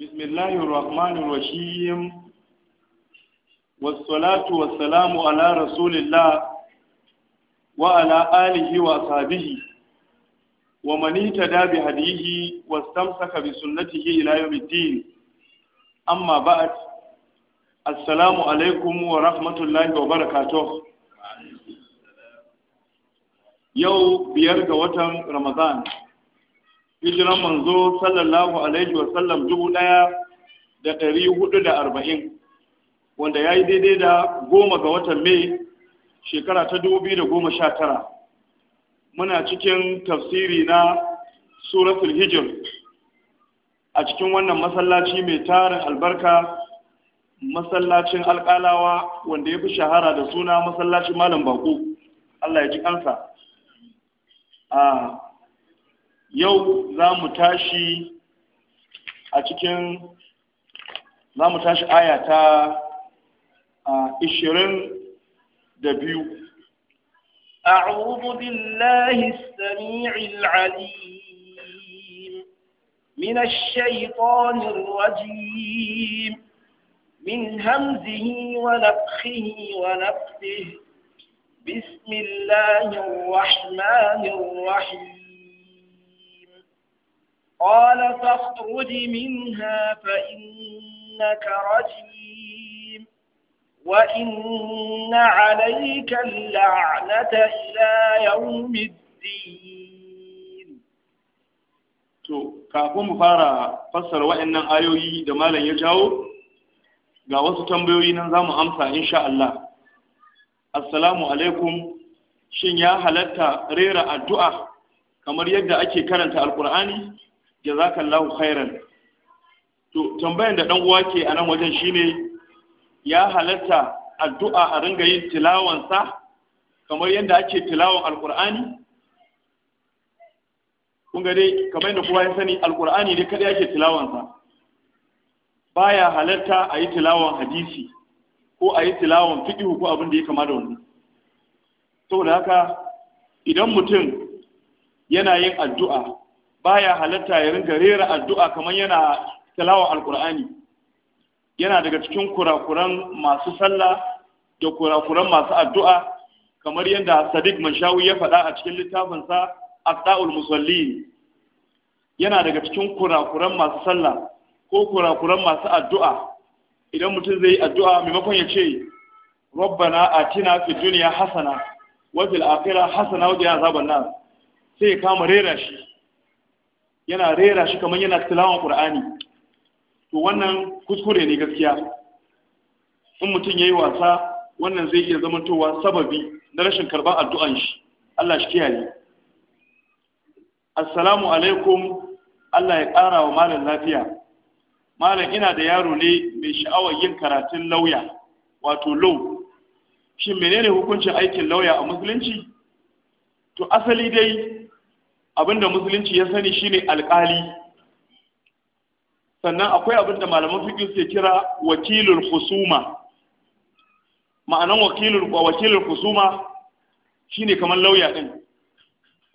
بسم الله الرحمن الرحيم والصلاة والسلام على رسول الله وعلى آله وصحبه ومن اهتدى بهديه واستمسك بسنته إلى يوم الدين أما بعد السلام عليكم ورحمة الله وبركاته yau biyar ga watan Ramadan hijiran manzo sallallahu alaihi wa sallam dubu ɗaya da ɗari hudu da arba'in wanda ya yi daidai da goma ga watan mai shekara ta dubu biyu da goma sha tara muna cikin tafsiri na suratul hijir a cikin wannan masallaci mai tarin albarka masallacin alƙalawa wanda ya fi shahara da suna masallacin malam baku Allah ya ji kansa a yau za mu tashi a cikin za mu tashi aya ta ishirin da biyu أعوذ بالله السميع العليم من الشيطان الرجيم من همزه ونفخه ونفثه بسم الله الرحمن الرحيم قال فاخرج منها فإنك رجيم وإن عليك اللعنة إلى يوم الدين تو كافوم فارا فصل وإن آيوي دمالا يجاو ga wasu tambayoyi nan za mu amsa assalamu alaikum shin ya halatta rera addu'a kamar yadda ake karanta alkur'ani jazakallahu khairan to tambayan da dan uwa ke a nan wajen shine ya halatta addu'a a ringa yin tilawansa kamar yadda ake tilawan alkur'ani kun ga dai kamar yadda kowa ya sani alkur'ani ne kada yake tilawansa baya halatta a yi tilawan hadisi ko a yi tilawon fiƙihu ko abin da ya kama da wannan saboda haka idan mutum yana yin addu'a baya halatta ya ringa rera addu'a kamar yana tilawon alkur'ani yana daga cikin kurakuran masu sallah da kurakuran masu addu'a kamar yadda sadiq manshawi ya faɗa a cikin littafinsa asda'ul musalli yana daga cikin kurakuran masu sallah ko kurakuran masu addu'a idan mutum zai addu'a maimakon ya ce rabbana atina fi dunya hasana wa fil akhirah hasana wa qina azaban nar sai ya kama rera shi yana rera shi kamar yana tilawan qur'ani to wannan kuskure ne gaskiya in mutum yayi wasa wannan zai iya zamantowa sababi na rashin karban addu'an shi Allah shi kiyaye assalamu alaikum Allah ya ƙara wa malam lafiya malam ina da yaro ne mai sha'awar yin karatun lauya wato low shin menene hukuncin aikin lauya a musulunci to asali dai abinda musulunci ya sani shine alkali sannan akwai abinda malaman fiqh ke kira wakilul husuma ma'anan wakilul wakilul husuma shine kamar lauya din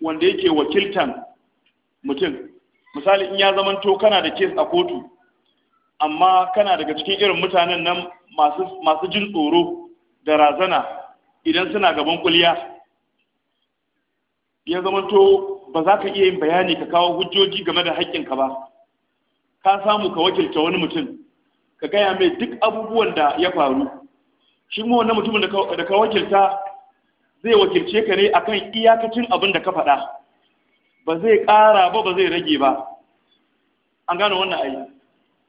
wanda yake wakiltan mutum misali in ya zamanto kana da kes a kotu amma kana daga cikin irin mutanen nan masu jin tsoro da razana idan suna gaban kuliya ya zamanto ba za ka iya yin bayani ka kawo hujjoji game da haƙƙinka ba ka samu ka wakilta wani mutum ka gaya mai duk abubuwan da ya faru shi mu wannan mutumin da ka wakilta zai wakilce ka ne akan iyakacin abin da ka faɗa ba zai ƙara ba ba zai rage ba an gane wannan ayi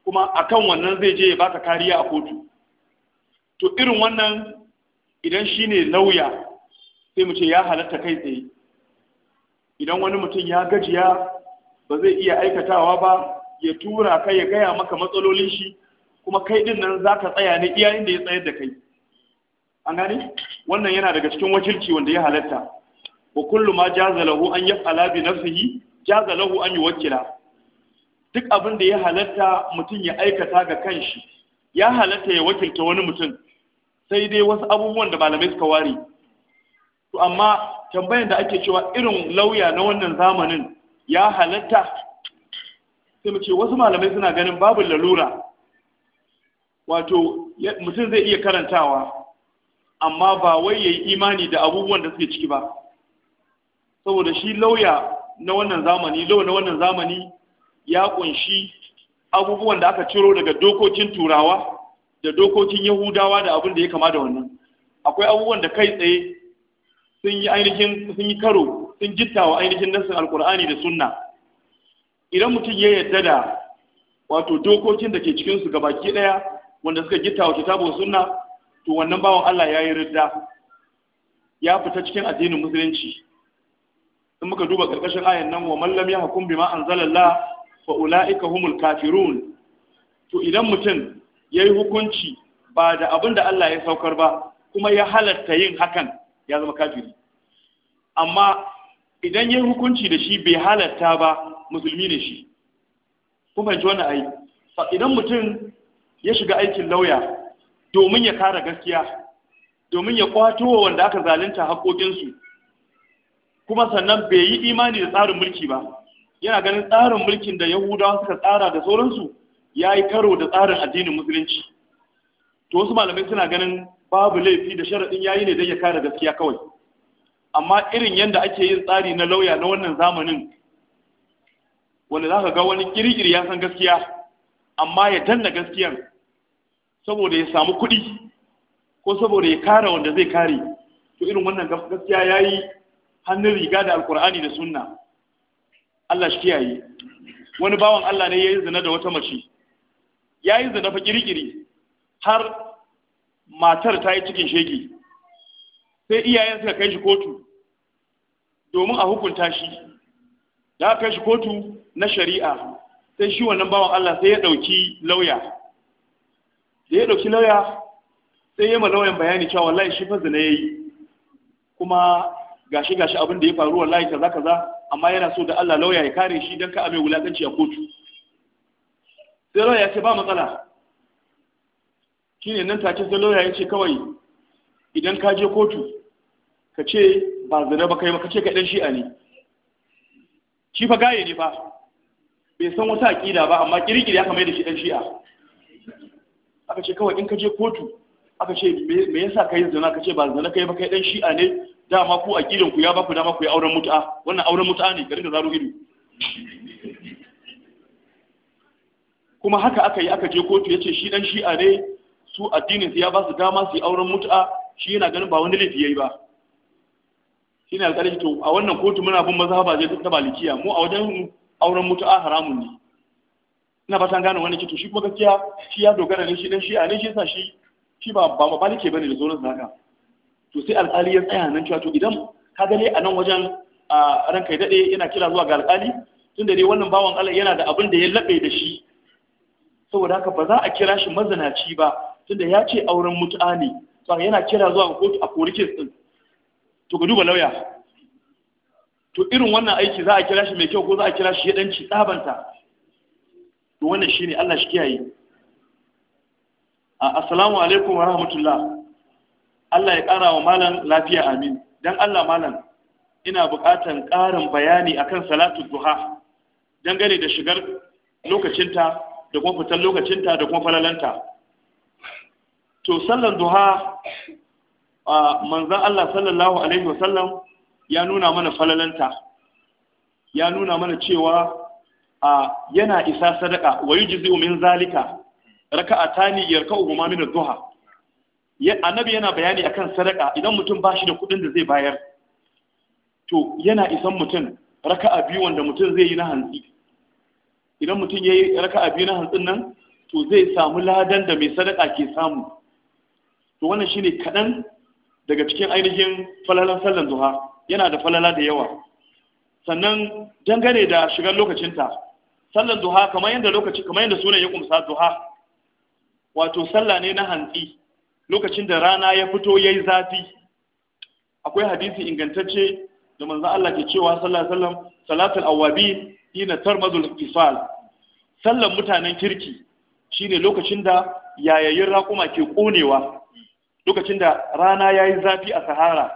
kuma akan wannan zai je ya baka kariya a kotu to irin wannan idan shine lauya sai mu ce ya halatta kai tsaye idan wani mutum ya gajiya ba zai iya aikatawa ba ya tura kai ya gaya maka matsalolin shi kuma kai din nan za ka tsaya ne iya inda ya tsayar da kai an gane wannan yana daga cikin wakilci wanda ya halatta wa kullu ma jazalahu an yaf'ala bi nafsihi jaza jazalahu an yuwakkila duk abin da ya halatta mutum ya aikata ga kanshi ya halatta ya wakilta wani mutum sai dai wasu abubuwan da malamai suka ware to amma tambayan da ake cewa irin lauya na wannan zamanin ya halatta sai mace wasu malamai suna ganin babu lalura wato mutum zai iya karantawa amma ba wai ya yi imani da abubuwan da suke ciki ba saboda shi lauya na wannan zamani lauya na wannan zamani ya kunshi abubuwan da aka ciro daga dokokin turawa da dokokin yahudawa da abin da ya kama da wannan akwai abubuwan da kai tsaye sun yi ainihin sun yi karo sun gittawa ainihin nassin alkur'ani da sunna idan mutum ya yarda da wato dokokin da ke cikin ga baki daya wanda suka wa kitabu sunna to wannan bawan Allah ya yi ridda ya fita cikin addinin musulunci in muka duba ƙarƙashin ayan nan wa man lam yahkum bima anzalallah fa ula'ika humul kafirun to idan mutum ya yi hukunci ba da abin da Allah ya saukar ba kuma ya halatta yin hakan ya zama kafiri amma idan ya yi hukunci da shi bai halatta ba musulmi ne shi kuma ji wani fa idan mutum ya shiga aikin lauya domin ya kara gaskiya domin ya kwato wanda aka zalunta haƙoƙinsu kuma sannan bai yi imani da tsarin mulki ba yana ganin tsarin mulkin da yahudawa suka tsara da sauransu ya yi karo da tsarin addinin musulunci to wasu malamai suna ganin babu laifi da sharaɗin yayi ne don ya kare gaskiya kawai amma irin yadda ake yin tsari na lauya na wannan zamanin wanda za ka ga wani kirkiri ya san gaskiya amma ya danna gaskiyan saboda ya samu kuɗi ko saboda ya kare wanda zai kare to irin wannan gaskiya ya yi hannun riga da alkur'ani da sunna Allah shi kiyaye wani bawan Allah ne yi zina da wata mace yayi zina fa kirkiri har matar ta yi cikin shege sai iyayen suka kai shi kotu domin a hukunta shi da aka kai shi kotu na shari'a sai shi wannan bawan Allah sai ya dauki lauya da ya dauki lauya sai ya ma lauyan bayani cewa wallahi shi fa zina yayi kuma gashi gashi abin da ya faru wallahi kaza kaza amma yana so da Allah lauya ya kare shi don ka mai wulakanci a kotu sai lauya ya ce ba matsala Shi ne nan take sai lauya ya ce kawai idan ka je kotu ka ce ba zina ba kai ba ka ce ka ɗan shi'a ne shi fa gaye ne ba bai san wata aƙida ba amma ƙirƙiri aka mai da shi ɗan shi'a aka ce kawai in ka je kotu aka ce me yasa ka yi zina ka ce ba zina kai ba kai ɗan shi'a ne dama ku a gidan ku ya baku dama ku yi auren mutu'a wannan auren mutu'a ne garin da zaro ido kuma haka aka yi aka je kotu yace shi dan shi'a ne su addinin su ya ba su dama su yi auren mutu'a shi yana ganin ba wani laifi yayi ba ne alƙalin to a wannan kotu muna bin mazhaba je ta malikiya mu a wajen auren mutu'a haramun ne ina ba san gane wannan to shi kuma gaskiya shi ya dogara ne shi dan shi'a ne shi yasa shi shi ba ba malike bane da zoron zaka to sai alƙali ya tsaya nan cewa to idan ka gane a nan wajen a kai daɗe yana kira zuwa ga alƙali tun da dai wannan bawan Allah yana da abin da ya laɓe da shi saboda haka ba za a kira shi mazanaci ba tun da ya ce auren mutu'a ne to yana kira zuwa ga kotu a kori kes ɗin to ka duba lauya to irin wannan aiki za a kira shi mai kyau ko za a kira shi ya ɗanci tsabanta to wannan shine Allah shi kiyaye assalamu alaikum wa rahmatullah Allah ya ƙara wa malam lafiya amin Don Allah malam ina buƙatan ƙarin bayani akan salatu duha dangane da shigar lokacinta da kuma fitar lokacinta da kuma falalanta to sallan duha a manzan Allah sallallahu alaihi wasallam ya nuna mana falalanta ya nuna mana cewa a yana isa sadaka wa yujzi min zalika raka'atani yarka'u ma min duha annabi yana bayani akan sadaka idan mutum ba shi da kuɗin da zai bayar to yana isan mutum raka'a biyu wanda mutum zai yi na hantsi idan mutum ya yi raka'a biyu na hantsin nan to zai samu ladan da mai sadaka ke samu to wannan shine kaɗan daga cikin ainihin falalan sallan zuha yana da falala da yawa sannan dangane da shigar lokacinta sallan duha kamar yadda lokaci kamar yadda sunan ya kumsa duha wato sallah ne na hantsi lokacin da rana ya fito yayi zafi akwai hadisi ingantacce da manzo Allah ke cewa sallallahu alaihi wasallam salatul awabin hina tarmazul fisal sallan mutanen kirki shine lokacin da yayayin raƙuma ke ƙonewa, lokacin da rana yayi zafi a sahara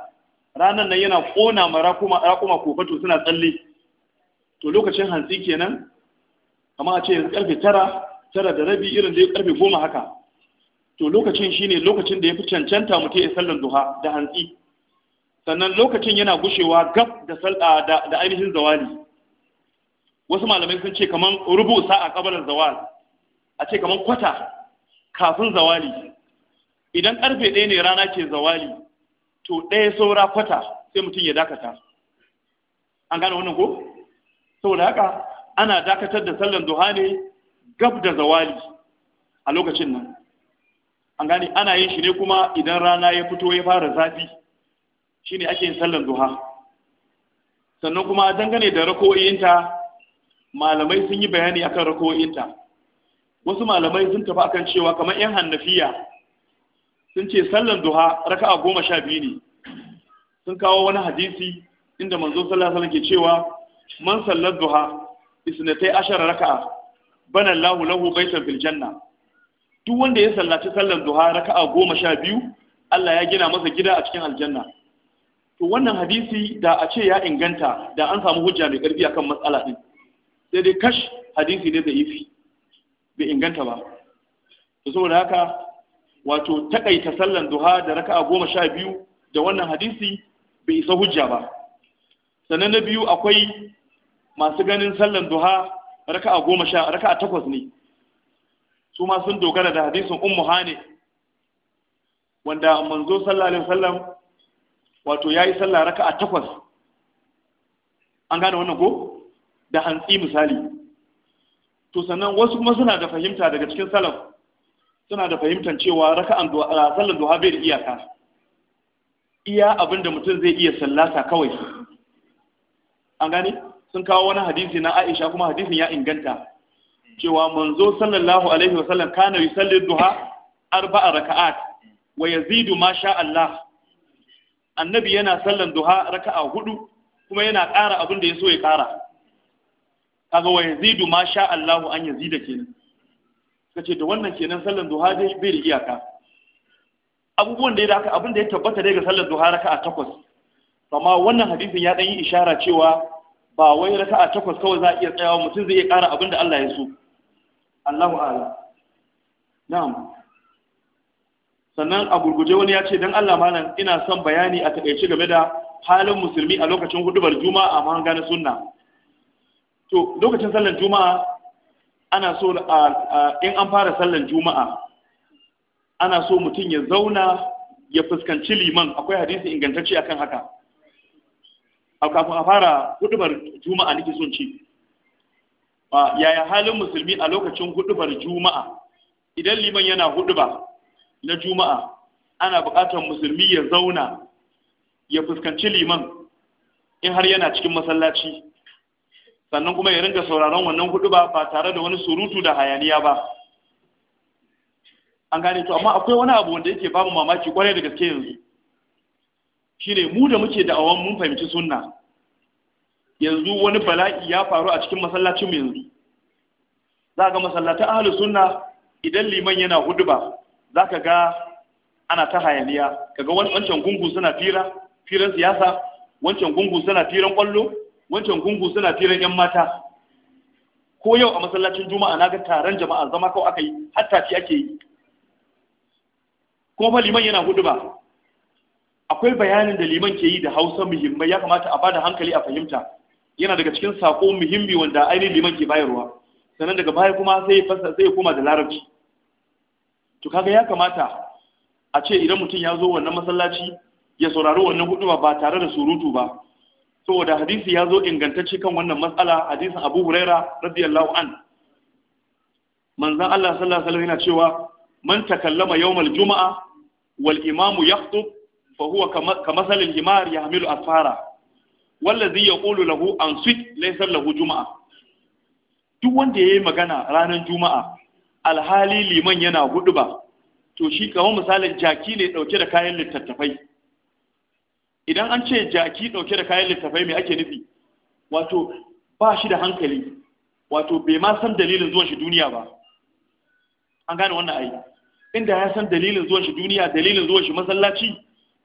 ranan nan yana kona ma raƙuma ko fato suna tsalle to lokacin hantsi kenan amma a ce yanzu karfe tara tara da rabi irin da ya karfe goma haka to lokacin shine lokacin da ya fi cancanta mutum ya sallar duha da hantsi sannan lokacin yana gushewa gab da da ainihin zawali wasu malamai sun ce kaman rubu a kabalar zawali a ce kaman kwata kafin zawali idan karfe ɗaya ne rana ke zawali to ɗaya saura kwata sai mutum ya dakata an gane wannan ko saboda haka ana dakatar da sallar duha ne gab da zawali a lokacin nan an gani ana yin shi ne kuma idan rana ya fito ya fara zafi shine ake yin sallar duha sannan kuma dangane da rako'inta malamai sun yi bayani akan rako'inta wasu malamai sun tafi akan cewa kamar yan hannafiya sun ce sallar duha a goma sha biyu ne sun kawo wani hadisi inda manzo sallar ke cewa man sallar duha isnatai ashara raka'a bana lahu baitan fil janna duk wanda ya sallaci sallar duha raka'a goma sha biyu Allah ya gina masa gida a cikin aljanna to wannan hadisi da a ce ya inganta da an samu hujja mai karfi akan matsala din sai dai kash hadisi ne da ifi bai inganta ba to saboda haka wato takaita sallar duha da raka'a goma sha biyu da wannan hadisi bai isa hujja ba sannan na biyu akwai masu ganin sallar duha raka'a goma raka'a takwas ne su ma sun dogara da hadisin ummu hane wanda manzo sallallahu alaihi wasallam wato yayi sallah raka'a takwas an gane wannan ko da hantsi misali to sannan wasu kuma suna da fahimta daga cikin salaf suna da fahimtar cewa raka'an sallar duha bai da iyaka iya abinda mutum zai iya sallata kawai an gane sun kawo wani hadisi na Aisha kuma hadisin ya inganta cewa manzo sallallahu alaihi wasallam kana yusalli duha arba'a raka'at wa yazidu ma sha Allah annabi yana sallan duha raka'a hudu kuma yana ƙara abin da ya so ya ƙara kaga wa yazidu ma sha Allah an yazida kenan kace da wannan kenan sallan duha dai bai da iyaka abubuwan da ya daka abin da ya tabbata daga sallan duha raka'a takwas amma wannan hadisin ya dan yi ishara cewa ba wai raka'a takwas kawai za a iya tsayawa mutum zai iya ƙara abin da Allah ya so Allahu na'am sannan a gurguje wani ya ce don Allah malam ina son bayani a takaice game da halin musulmi a lokacin hudubar juma'a a mahanga sunna to lokacin sallar juma'a ana so in an fara sallar juma'a ana so mutum ya zauna ya fuskanci liman akwai hadisi ingantacce akan haka a kafin a fara hudubar juma'a nake son ci yaya halin musulmi a lokacin hudubar juma'a idan liman yana huduba na juma'a ana buƙatar musulmi ya zauna ya fuskanci liman in har yana cikin masallaci sannan kuma ya ringa sauraron wannan huduba ba tare da wani surutu da hayaniya ba an gane to amma akwai wani abu wanda yake babu mamaki kwarai da gaske yanzu shine mu da muke da'awan mun fahimci sunna yanzu wani bala'i ya faru a cikin masallacin mu yanzu za ga masallatan ahlu sunna idan liman yana huduba za ka ga ana ta hayaniya kaga wancan gungu suna fira firan siyasa wancan gungu suna firan kwallo wancan gungu suna firan yan mata ko yau a masallacin juma'a na ga taron jama'a zama kawai aka yi hatta ci ake yi kuma fa liman yana huduba akwai bayanin da liman ke yi da hausa muhimmai ya kamata a bada hankali a fahimta yana daga cikin sako muhimmi wanda ainihin liman ke bayarwa sannan daga baya kuma sai ya koma da larabci to kaga ya kamata a ce idan mutum ya zo wannan masallaci ya saurari wannan hudu ba tare da surutu ba saboda hadisi ya zo ingantacce kan wannan matsala hadisin Abu Huraira radiyallahu an manzon Allah sallallahu alaihi wasallam yana cewa man takallama yawmal juma'a wal imamu yakhutub fa huwa kamasalil himar yahmilu asfara wallazi yaqulu lahu sit laysa lahu juma'a duk wanda yayi magana ranar juma'a alhali liman yana hudu ba to shi kamar misalin jaki ne dauke da kayan littattafai idan an ce jaki dauke da kayan littattafai me ake nufi wato ba shi da hankali wato bai ma san dalilin zuwan shi duniya ba an gane wannan ayi. inda ya san dalilin zuwan shi duniya dalilin zuwan shi masallaci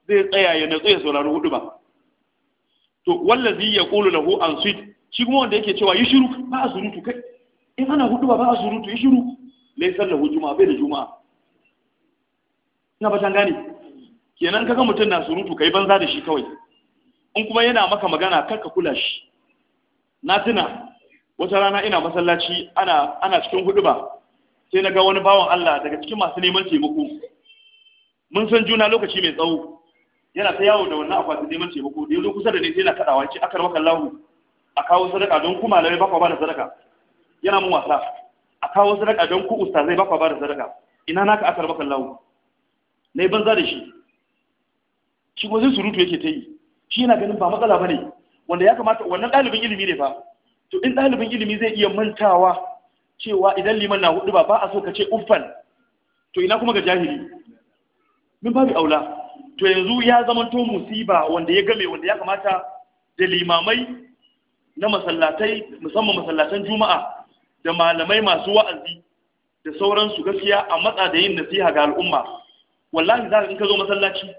zai tsaya ya natsu ya saurari hudu ba to wallazi ya kulu lahu an suit shi kuma wanda yake cewa yi shiru ba a surutu kai in ana hudu ba a surutu yi shiru laysa lahu juma'a bai da juma'a ina ba gane kenan kaga mutum na surutu kai banza da shi kawai in kuma yana maka magana kar ka kula shi na tuna wata rana ina masallaci ana ana cikin hudu ba sai na ga wani bawan Allah daga cikin masu neman taimako mun san juna lokaci mai tsawo yana ta yawo da wannan akwati neman taimako da zo kusa da ne sai na kadawa ce akar maka lahu a kawo sadaka don ku malamai baka ba da sadaka yana mun wasa a kawo sadaka don ku ustazai ba ba da sadaka ina naka akar maka lahu yi banza da shi shi ko zai surutu yake ta yi shi yana ganin ba matsala bane wanda ya kamata wannan ɗalibin ilimi ne fa to in ɗalibin ilimi zai iya mantawa cewa idan liman na hudu ba ba a so ka ce uffan to ina kuma ga jahili min babu aula to yanzu ya to musiba wanda ya game wanda ya kamata da limamai na masallatai musamman masallatan juma'a da malamai masu wa'azi da sauransu gaskiya a matsa da yin nasiha ga al'umma wallahi za ka in ka zo masallaci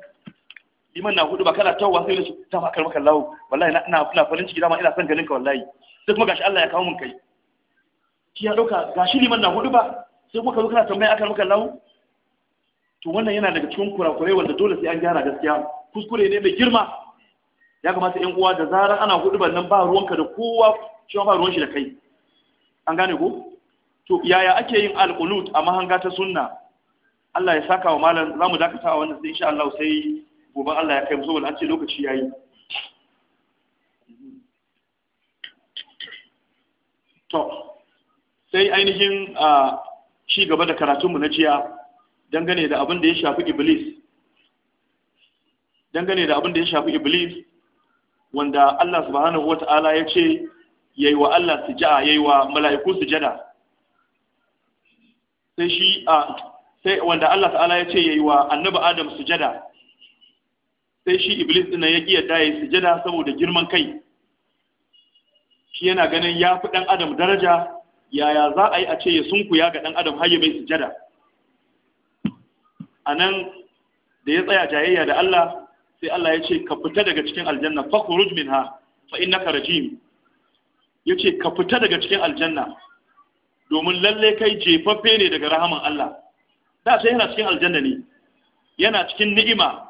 liman na hudu ba kana tawwa sai su ta fakar maka lawo wallahi na na farin ciki dama ina son ganin ka wallahi sai kuma gashi Allah ya kawo mun kai ki ya dauka gashi liman na hudu ba sai kuma ka zo kana tambaya akan maka lawo to wannan yana daga cikin kurakurai wanda dole sai an gyara gaskiya kuskure ne mai girma ya kamata yan uwa da zarar ana hudu nan ba ruwanka da kowa cewa ba ruwan shi da kai an gane ko to yaya ake yin alqulut a mahanga ta sunna Allah ya saka wa malam zamu dakata a wannan sai insha Allah sai gobe Allah ya kai mu saboda an ce lokaci yayi to sai ainihin a ah, ci gaba da karatun mu na jiya dangane da abin da ya shafi iblis dangane da abin da ya shafi iblis wanda Allah subhanahu wata'ala ya ce yayi wa Allah sujaa yayi wa mala'iku sujada sai shi a sai wanda Allah ta'ala ya ce yayi wa annabi Adam sujada sai shi iblis din ya ki yadda yayi sujada saboda girman kai shi yana ganin ya fi dan adam daraja yaya za a yi a ce ya sunkuya ga dan adam har ya mai sujada a nan da ya tsaya jayayya da Allah sai Allah ya ce ka fita daga cikin aljanna fakhruj minha fa innaka rajim yace ka fita daga cikin aljanna domin lalle kai jefaffe ne daga rahaman Allah da sai yana cikin aljanna ne yana cikin ni'ima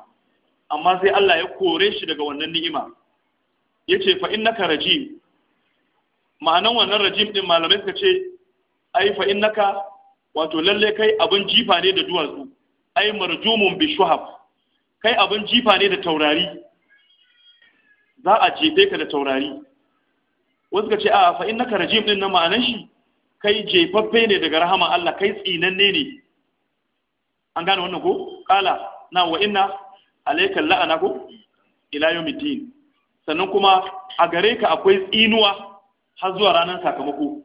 amma sai Allah ya kore shi daga wannan ni'ima yace fa innaka rajim ma'anan wannan rajim din malamai suka ce ai fa innaka wato lalle kai abin jifa ne da duwatsu ai marjumun bi shuhab kai abin jifa ne da taurari za a jefe ka da taurari wasu ka ce a fa naka rajim din na ma'anan shi kai jefaffe ne daga rahama Allah kai tsinanne ne an gane wannan ko kala na wa inna alaikal la'ana ko ila yawmiddin sannan kuma a gare ka akwai tsinuwa har zuwa ranar sakamako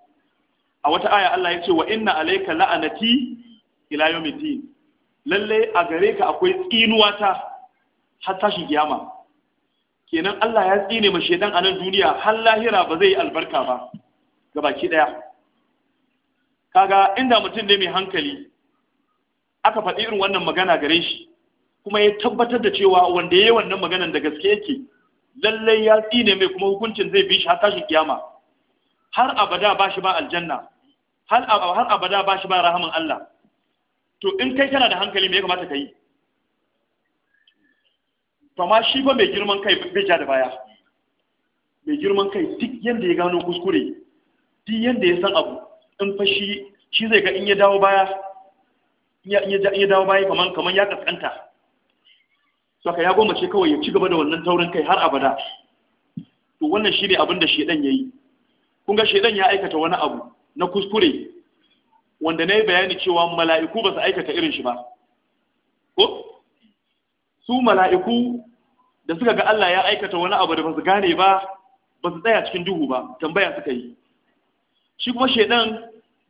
a wata aya Allah ya ce wa inna alaika la'anati ila yawmiddin lalle a gare ka akwai tsinuwa ta har tashi kiyama kenan Allah ya tsine ma shedan a nan duniya har lahira ba zai yi albarka ba baki daya kaga inda mutum ne mai hankali aka faɗi irin wannan magana gare shi kuma ya tabbatar da cewa wanda ya yi wannan maganan da gaske yake lallai ya tsine mai kuma hukuncin zai bi shi har tashi kiyama har abada ba shi ba aljanna har abada ba shi ba rahaman Allah to in kai kana da hankali me ya kamata ka yi ma shi ba mai girman kai bai ja da baya mai girman kai duk yadda ya gano kuskure duk yadda ya san abu in fa shi shi zai ga in ya dawo baya in ya dawo baya kaman ya kaskanta ka ya goma ce kawai ya ci gaba da wannan taurin kai har abada to wannan shi ne abin da shedan ya yi kun ga shedan ya aikata wani abu na kuskure wanda na yi bayani cewa mala'iku ba su aikata irin shi ba ko su mala'iku da suka ga Allah ya aikata wani abu da ba su gane ba ba su tsaya cikin duhu ba tambaya suka yi shi kuma shaidan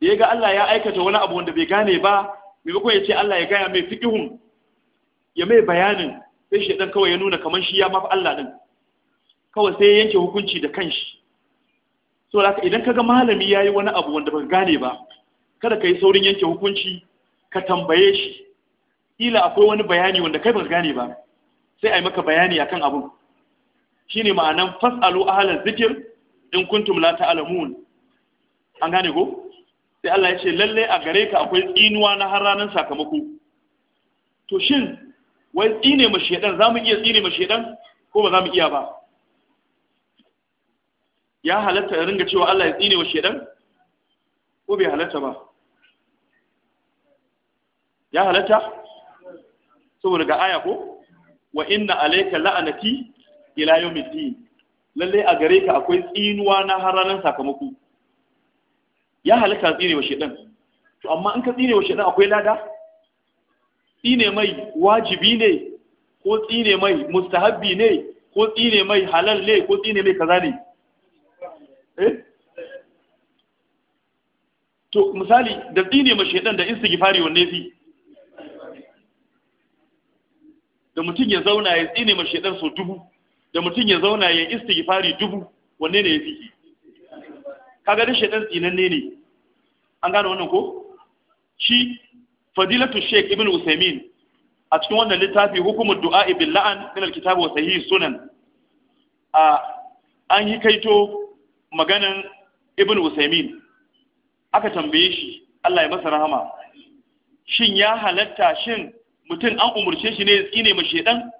da ya ga Allah ya aikata wani abu wanda bai gane ba maimakon ya ce Allah ya gaya mai fikihun, ya mai bayanin sai shaidan kawai ya nuna kamar shi ya mafi Allah din kawai sai ya yanke hukunci da kanshi so idan ka ga malami ya yi wani abu wanda ba gane ba kada ka yi saurin yanke hukunci ka tambaye shi ila akwai wani bayani wanda kai ba gane ba sai a yi maka bayani akan abun shine ma'anan fasalu ahla zikir in kuntum la ta'lamun an gane ko sai Allah ya ce lalle a gare ka akwai tsinuwa na har ranar sakamako to shin wai tsine ma shedan zamu iya tsine ma shedan ko ba zamu iya ba ya halatta ringa cewa Allah ya tsine wa shedan ko bai halatta ba ya halatta saboda ga aya ko wa inna alayka la'anati ila yawmiddin lalle a gare ka akwai tsinuwa na haranan sakamako ya halatta tsine wa shedan to amma in ka tsine wa shedan akwai lada tsine mai wajibi ne ko tsine mai mustahabbi ne ko tsine mai halal ne ko tsine mai kaza ne eh to misali da tsine ma shedan da istighfari wanne fi da mutum ya zauna ya tsine ma shedan so dubu da mutum ya zauna ya istighfari dubu wanne ne ya yafi kaga da shedan tsinanne ne an gane wannan ko shi fadilatu sheikh ibn usaimin a cikin wannan littafi hukumar du'a bil la'an min alkitab wa sahih sunan a an yi kaito maganan ibn usaimin aka tambaye shi Allah ya masa rahama shin ya halatta shin mutum an umarce shi ne ya tsine ma shaidan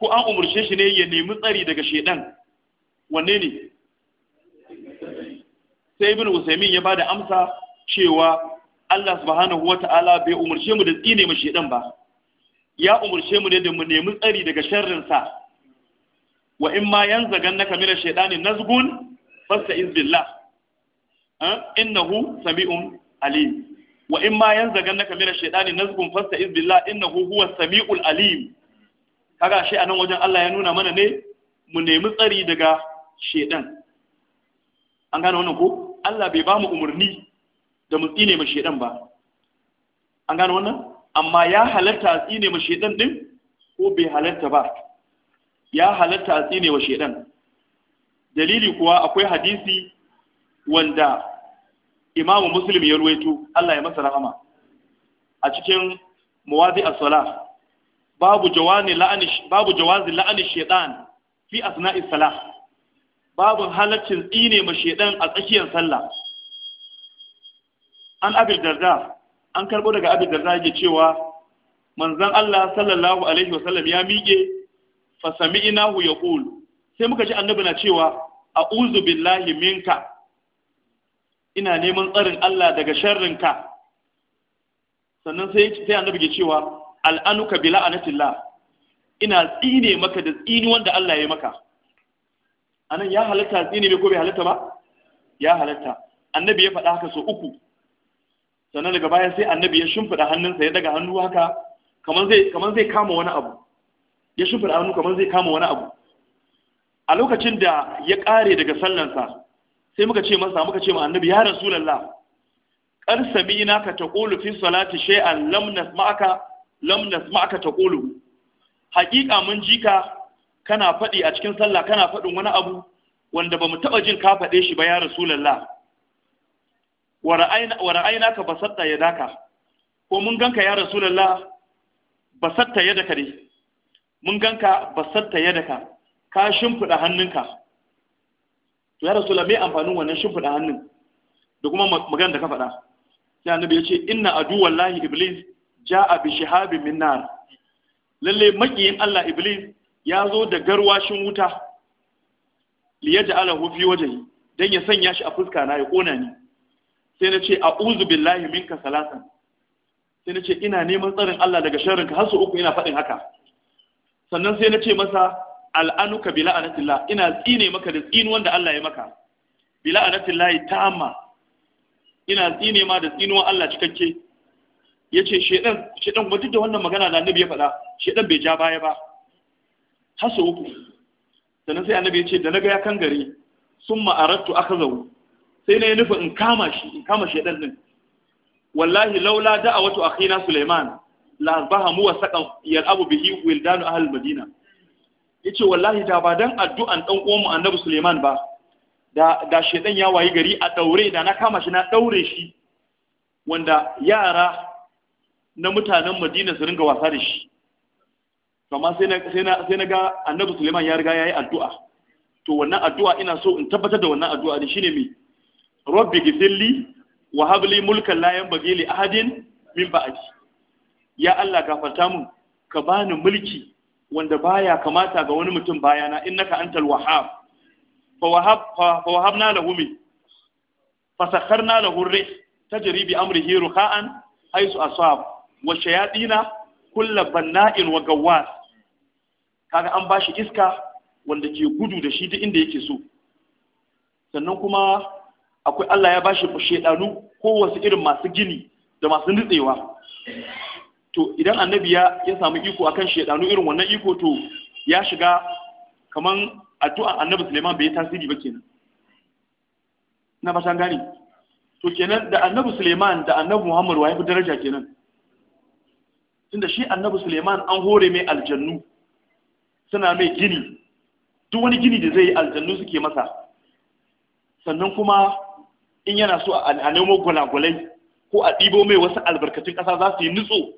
ko an umarce shi ne ya nemi tsari daga shaidan wanne ne sai ibn usaimin ya bada amsa cewa Allah subhanahu wata'ala bai umarce mu da tsine ma shaidan ba ya umarce mu ne da mu nemi tsari daga sharrin sa wa in ma naka min ash-shaytani nazgun fasta'iz billah innahu sami'un alim wa in ma yanzu yanzaganna kamina shaytani fasta fasta'iz billah innahu huwa samiul alim kaga shi anan wajen Allah ya nuna mana ne mu nemi tsari daga shaytan an gane wannan ko Allah bai ba mu umarni da mu tsine ma shaytan ba an gane wannan amma ya halatta a tsine ma shaytan din ko bai halatta ba ya halatta a tsine wa shaytan dalili kuwa akwai hadisi wanda imamu muslim ya ruwaito Allah ya masa rahama a cikin muwazi as sala babu jawani la'ani babu jawazi la'ani shaytan fi asna'i salah babu halaccin tsine ma shaytan a tsakiyar sallah an abil darda an karbo daga abil darda yake cewa manzon Allah sallallahu alaihi wasallam ya miƙe fa sami'nahu yaqul sai muka ji annabi na cewa a'udhu billahi minka ina neman tsarin Allah daga sharrinka sannan sai sai annabi ke cewa al'anuka bila anatillah ina tsine maka da tsini wanda Allah ya maka anan ya halatta tsini ne ko bai halatta ba ya halatta annabi ya faɗa haka so uku sannan daga baya sai annabi ya shimfiɗa hannunsa ya daga hannu haka kamar zai kamar zai kama wani abu ya shimfiɗa hannu kamar zai kama wani abu a lokacin da ya ƙare daga sallansa sai muka ce masa muka ce ma annabi ya rasulullah Kar samina ka taqulu fi salati shay'an lam nasma'aka lam nasma'aka taqulu haƙiƙa mun ji ka kana faɗi a cikin sallah kana faɗin wani abu wanda bamu taɓa jin ka faɗe shi ba ya rasulullah wa ra'ayna ka basatta yadaka ko mun ganka ya rasulullah basatta yadaka ne mun ganka basatta yadaka ka shimfiɗa hannunka to ya rasu mai amfanin wannan shimfiɗa hannun da kuma magana da ka faɗa sai annabi ya ce inna aduwan lahi iblis ja'a bi shihabin min nar lalle makiyin Allah iblis ya zo da garwashin wuta liyaj'alahu fi wajhi dan ya sanya shi a fuska na ya kona ni sai na ce a'udhu billahi minka salasan sai na ce ina neman tsarin Allah daga sharrinka har su uku ina faɗin haka sannan sai na ce masa al'anuka bi la'anatillah ina tsine maka da tsin wanda Allah ya maka bi la'anatillah ta'amma ina tsine ma da tsinuwan Allah cikakke Ya ce, shedan kuma duk da wannan magana da annabi ya faɗa shedan bai ja baya ba haso uku na sai annabi ya ce da naga ya kan gari summa aka akhazahu sai na yi nufin in kama shi in kama shedan din wallahi laula da'awatu akhina sulaiman la azbaha muwasaqan yal'abu bihi wildanu ahli madina yace wallahi da ba dan addu'an dan uwan mu annabi Suleiman ba da da shedan ya wayi gari a daure da na kama shi na daure shi wanda yara na mutanen Madina su ringa wasa da shi amma sai na sai na sai na ga annabi Suleiman ya riga yayi addu'a to wannan addu'a ina so in tabbatar da wannan addu'a din shine me rabbi wa habli mulkan la yanbaghi li ahadin min ba'di ya Allah gafarta mun ka bani mulki wanda baya kamata ga wani mutum bayana innaka antal wahhab fa wahab fa wahabna lahu min fa sakharna lahu rih tajri bi amrihi ruha'an haythu asab wa shayatina kullu banna'in wa gawwas kaga an bashi iska wanda ke gudu da shi duk inda yake so sannan kuma akwai Allah ya bashi shedanu ko wasu irin masu gini da masu nitsewa to idan annabi ya ya samu iko akan shedanu irin wannan iko to ya shiga kaman addu'a annabi Suleiman bai tasiri ba kenan na ba san gani to kenan da annabi Suleiman da annabi Muhammad wa ya fi daraja kenan tunda shi annabi Suleiman an hore mai aljannu suna mai gini duk wani gini da zai aljannu suke masa sannan kuma in yana so a nemo gwalagwalai ko a ɗibo mai wasu albarkatun ƙasa za su yi nutso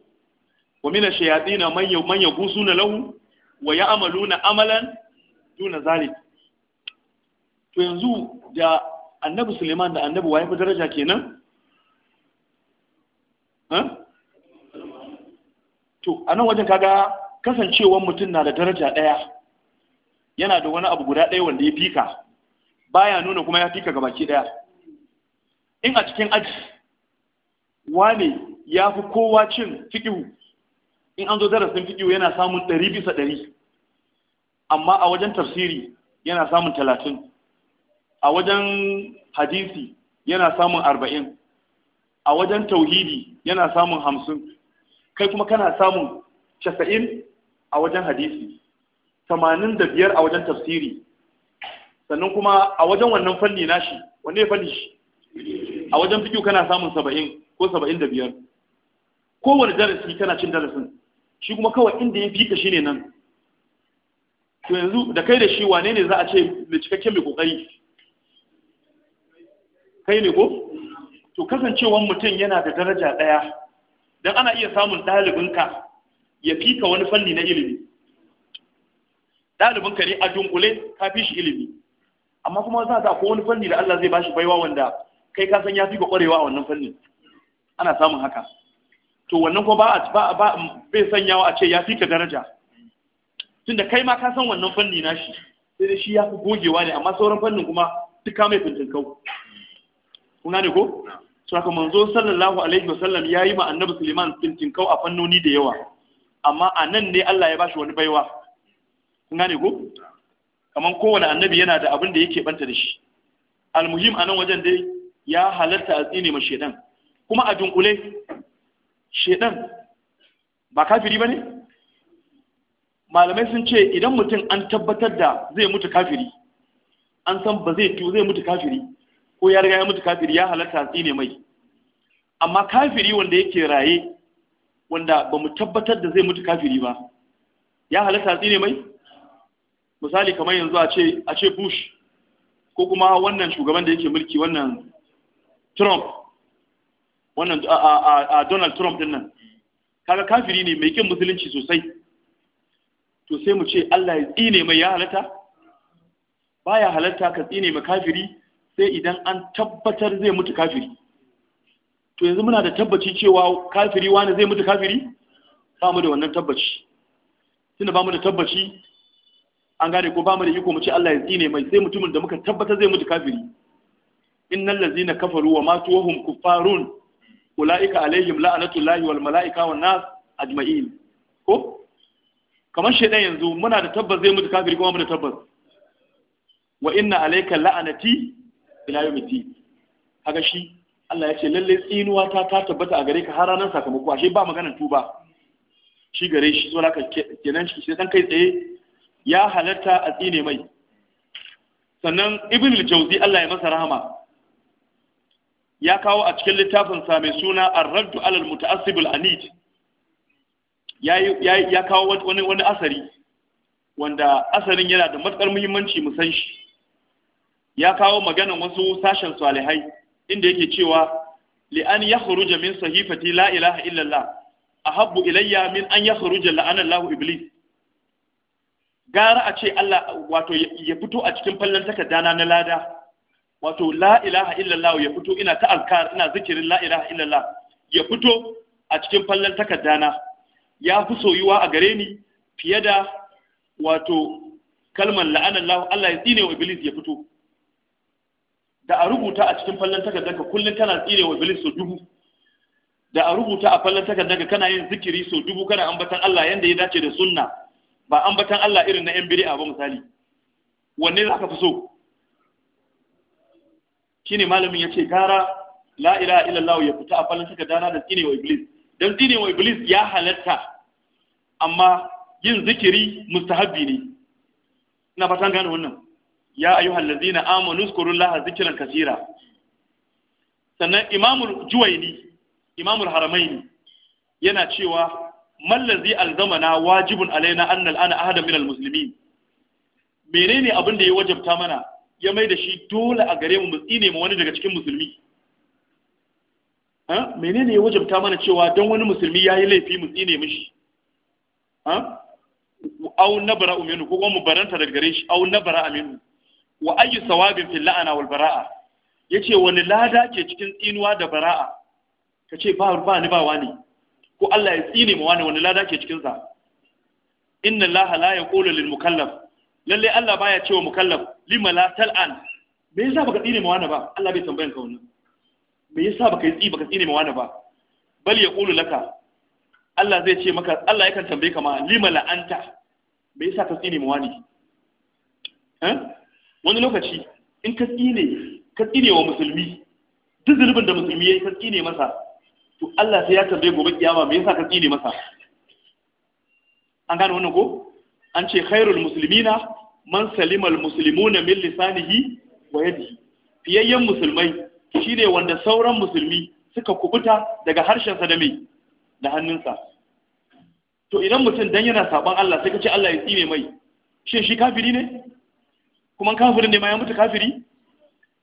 wa mina shayatina man yagusuna lahu wa na amalan juna zalik to yanzu da annabi Suleiman da annabi waye fi daraja kenan to a nan wajen kaga kasancewar mutum na da daraja ɗaya yana da wani abu guda ɗaya wanda ya fika baya nuna kuma ya fika gabaki ɗaya in a cikin aji wane ya fi kowa cin fikihu in an zo darasin fiƙiyo yana samun ɗari bisa ɗari amma a wajen tafsiri yana samun talatin a wajen hadisi yana samun arba'in a wajen tauhidi yana samun hamsin kai kuma kana samun casa'in a wajen hadisi tamanin da biyar a wajen tafsiri sannan kuma a wajen wannan fanni nashi wanne fanni shi a wajen fiƙiyo kana samun saba'in ko saba'in da biyar kowane darasi kana cin darasin shi kuma kawai inda ya fika shi ne nan to yanzu da kai da shi wane ne za a ce da cikakken mai kokari kai ne ko to kasancewan mutum yana da daraja ɗaya don ana iya samun ɗalibinka ya fika wani fanni na ilimi ɗalibinka ne a dunkule ka fi shi ilimi amma kuma za ta ko wani fanni da Allah zai bashi baiwa wanda kai ka san ya fi ka ƙwarewa a wannan fannin ana samun haka to wannan ko ba ba bai sanyawa a ce ya fi ka daraja tunda kai ma ka san wannan fanni nashi sai dai shi ya fi gogewa ne amma sauran fannin kuma duk ka mai fintinkau kun gane ko saka manzo sallallahu alaihi wasallam ya yi ma annabi suleiman fintinkau a fannoni da yawa amma a nan ne Allah ya bashi wani baiwa kun gane ko kamar kowane annabi yana da abin da yake banta da shi almuhim a nan wajen dai ya halatta a tsine ma shedan kuma a dunkule shedan ba kafiri ba ne malamai sun ce idan mutum an tabbatar da zai mutu kafiri an san ba zai zai mutu kafiri ko ya riga ya mutu kafiri ya halatta ne mai amma kafiri wanda yake raye wanda ba mu tabbatar da zai mutu kafiri ba ya halatta ne mai misali kamar yanzu a ce a ce bush ko kuma wannan shugaban da yake mulki wannan trump wannan a Donald Trump din nan kaga kafiri ne mai kin musulunci sosai to sai mu ce Allah ya tsine mai ya halatta baya halatta ka tsine mai kafiri sai idan an tabbatar zai mutu kafiri to yanzu muna da tabbaci cewa kafiri wani zai mutu kafiri ba mu da wannan tabbaci tunda ba mu da tabbaci an gane ko ba mu da iko mu ce Allah ya tsine mai sai mutumin da muka tabbata zai mutu kafiri innal ladzina kafaru wa matu wa kuffarun ulaika alaihim la'natullahi wal mala'ika wan nas ajma'in ko kamar shedan yanzu muna da tabbas zai mutu kafiri kuma muna da tabbas wa inna alayka la'anati ila yawmiddin kaga shi Allah ya ce lalle tsinuwa ta ta tabbata a gare ka har ranar sakamako ashe ba maganar tuba shi gare shi so laka kenan shi sai dan kai tsaye ya halatta a tsine mai sannan ibn jawzi Allah ya masa rahama ya kawo a cikin littafin sa mai suna ar-raddu alal muta'assib al-anid ya kawo wani wani asari wanda asarin yana da matsar muhimmanci mu san shi ya kawo maganan wasu sashen salihai inda yake cewa li an yakhruja min sahifati la ilaha illa Allah ahabbu ilayya min an yakhruja la'ana Allah iblis gara a ce Allah wato ya fito a cikin fallan takardana na lada wato la ilaha illallah ya fito ina ta alkar ina zikirin la ilaha illallah ya fito a cikin fallan takaddana ya fi soyuwa a gare ni fiye da wato kalmar la'anallahu Allah ya tsine wa iblis ya fito da a rubuta a cikin fallon takardarka kullum kana tsine wa iblis sau dubu da a rubuta a fallon ka kana yin zikiri sau dubu kana ambatan Allah yanda ya dace da sunna ba ambatan Allah irin na yan bid'a ba misali wanne za ka fi so shine malamin yace gara la ilaha illallah ya fita a falon saka dana da wa iblis dan wa iblis ya halatta amma yin zikiri mustahabbi ne ina fatan gane wannan ya ayyuhal ladzina amanu zkurullaha zikran kaseera sannan imamul juwaini imamul haramaini yana cewa mallazi alzamana wajibun alaina annal ana ahada minal muslimin menene abin da ya wajabta mana ya mai da shi dole a gare mu mutsi ne ma wani daga cikin musulmi ha menene ya wajabta mana cewa don wani musulmi yayi laifi mu tsine mishi ha au nabara aminu ko kuma mu baranta daga gare shi au nabara aminu wa ayyu sawabin fil la'ana wal bara'a yace wani lada ke cikin tsinuwa da bara'a kace ba ba ni ba wani ko Allah ya tsine ma wani wani lada ke cikin sa inna allaha la yaqulu lil mukallaf lalle Allah baya cewa mukallaf lima la tal'an me yasa baka tsine ma wani ba Allah bai tambayan ka wannan me yasa baka yi tsi baka tsine ma wani ba bal qulu laka Allah zai ce maka Allah yakan tambaye ka ma lima la anta me yasa ka tsine ma wani eh wani lokaci in ka tsine ka tsine wa musulmi duk zulubin da musulmi yayi ka tsine masa to Allah sai ya tambaye gobe kiyama me yasa ka tsine masa an gane wannan ko an ce khairul muslimina man salimal muslimuna min lisanihi wa yadihi fiyayyen musulmai shine wanda sauran musulmi suka kubuta daga harshen sa da mai da hannunsa to idan mutum dan yana saban Allah sai ka ce Allah ya tsine mai shin shi kafiri ne kuma kafirin ne ma ya mutu kafiri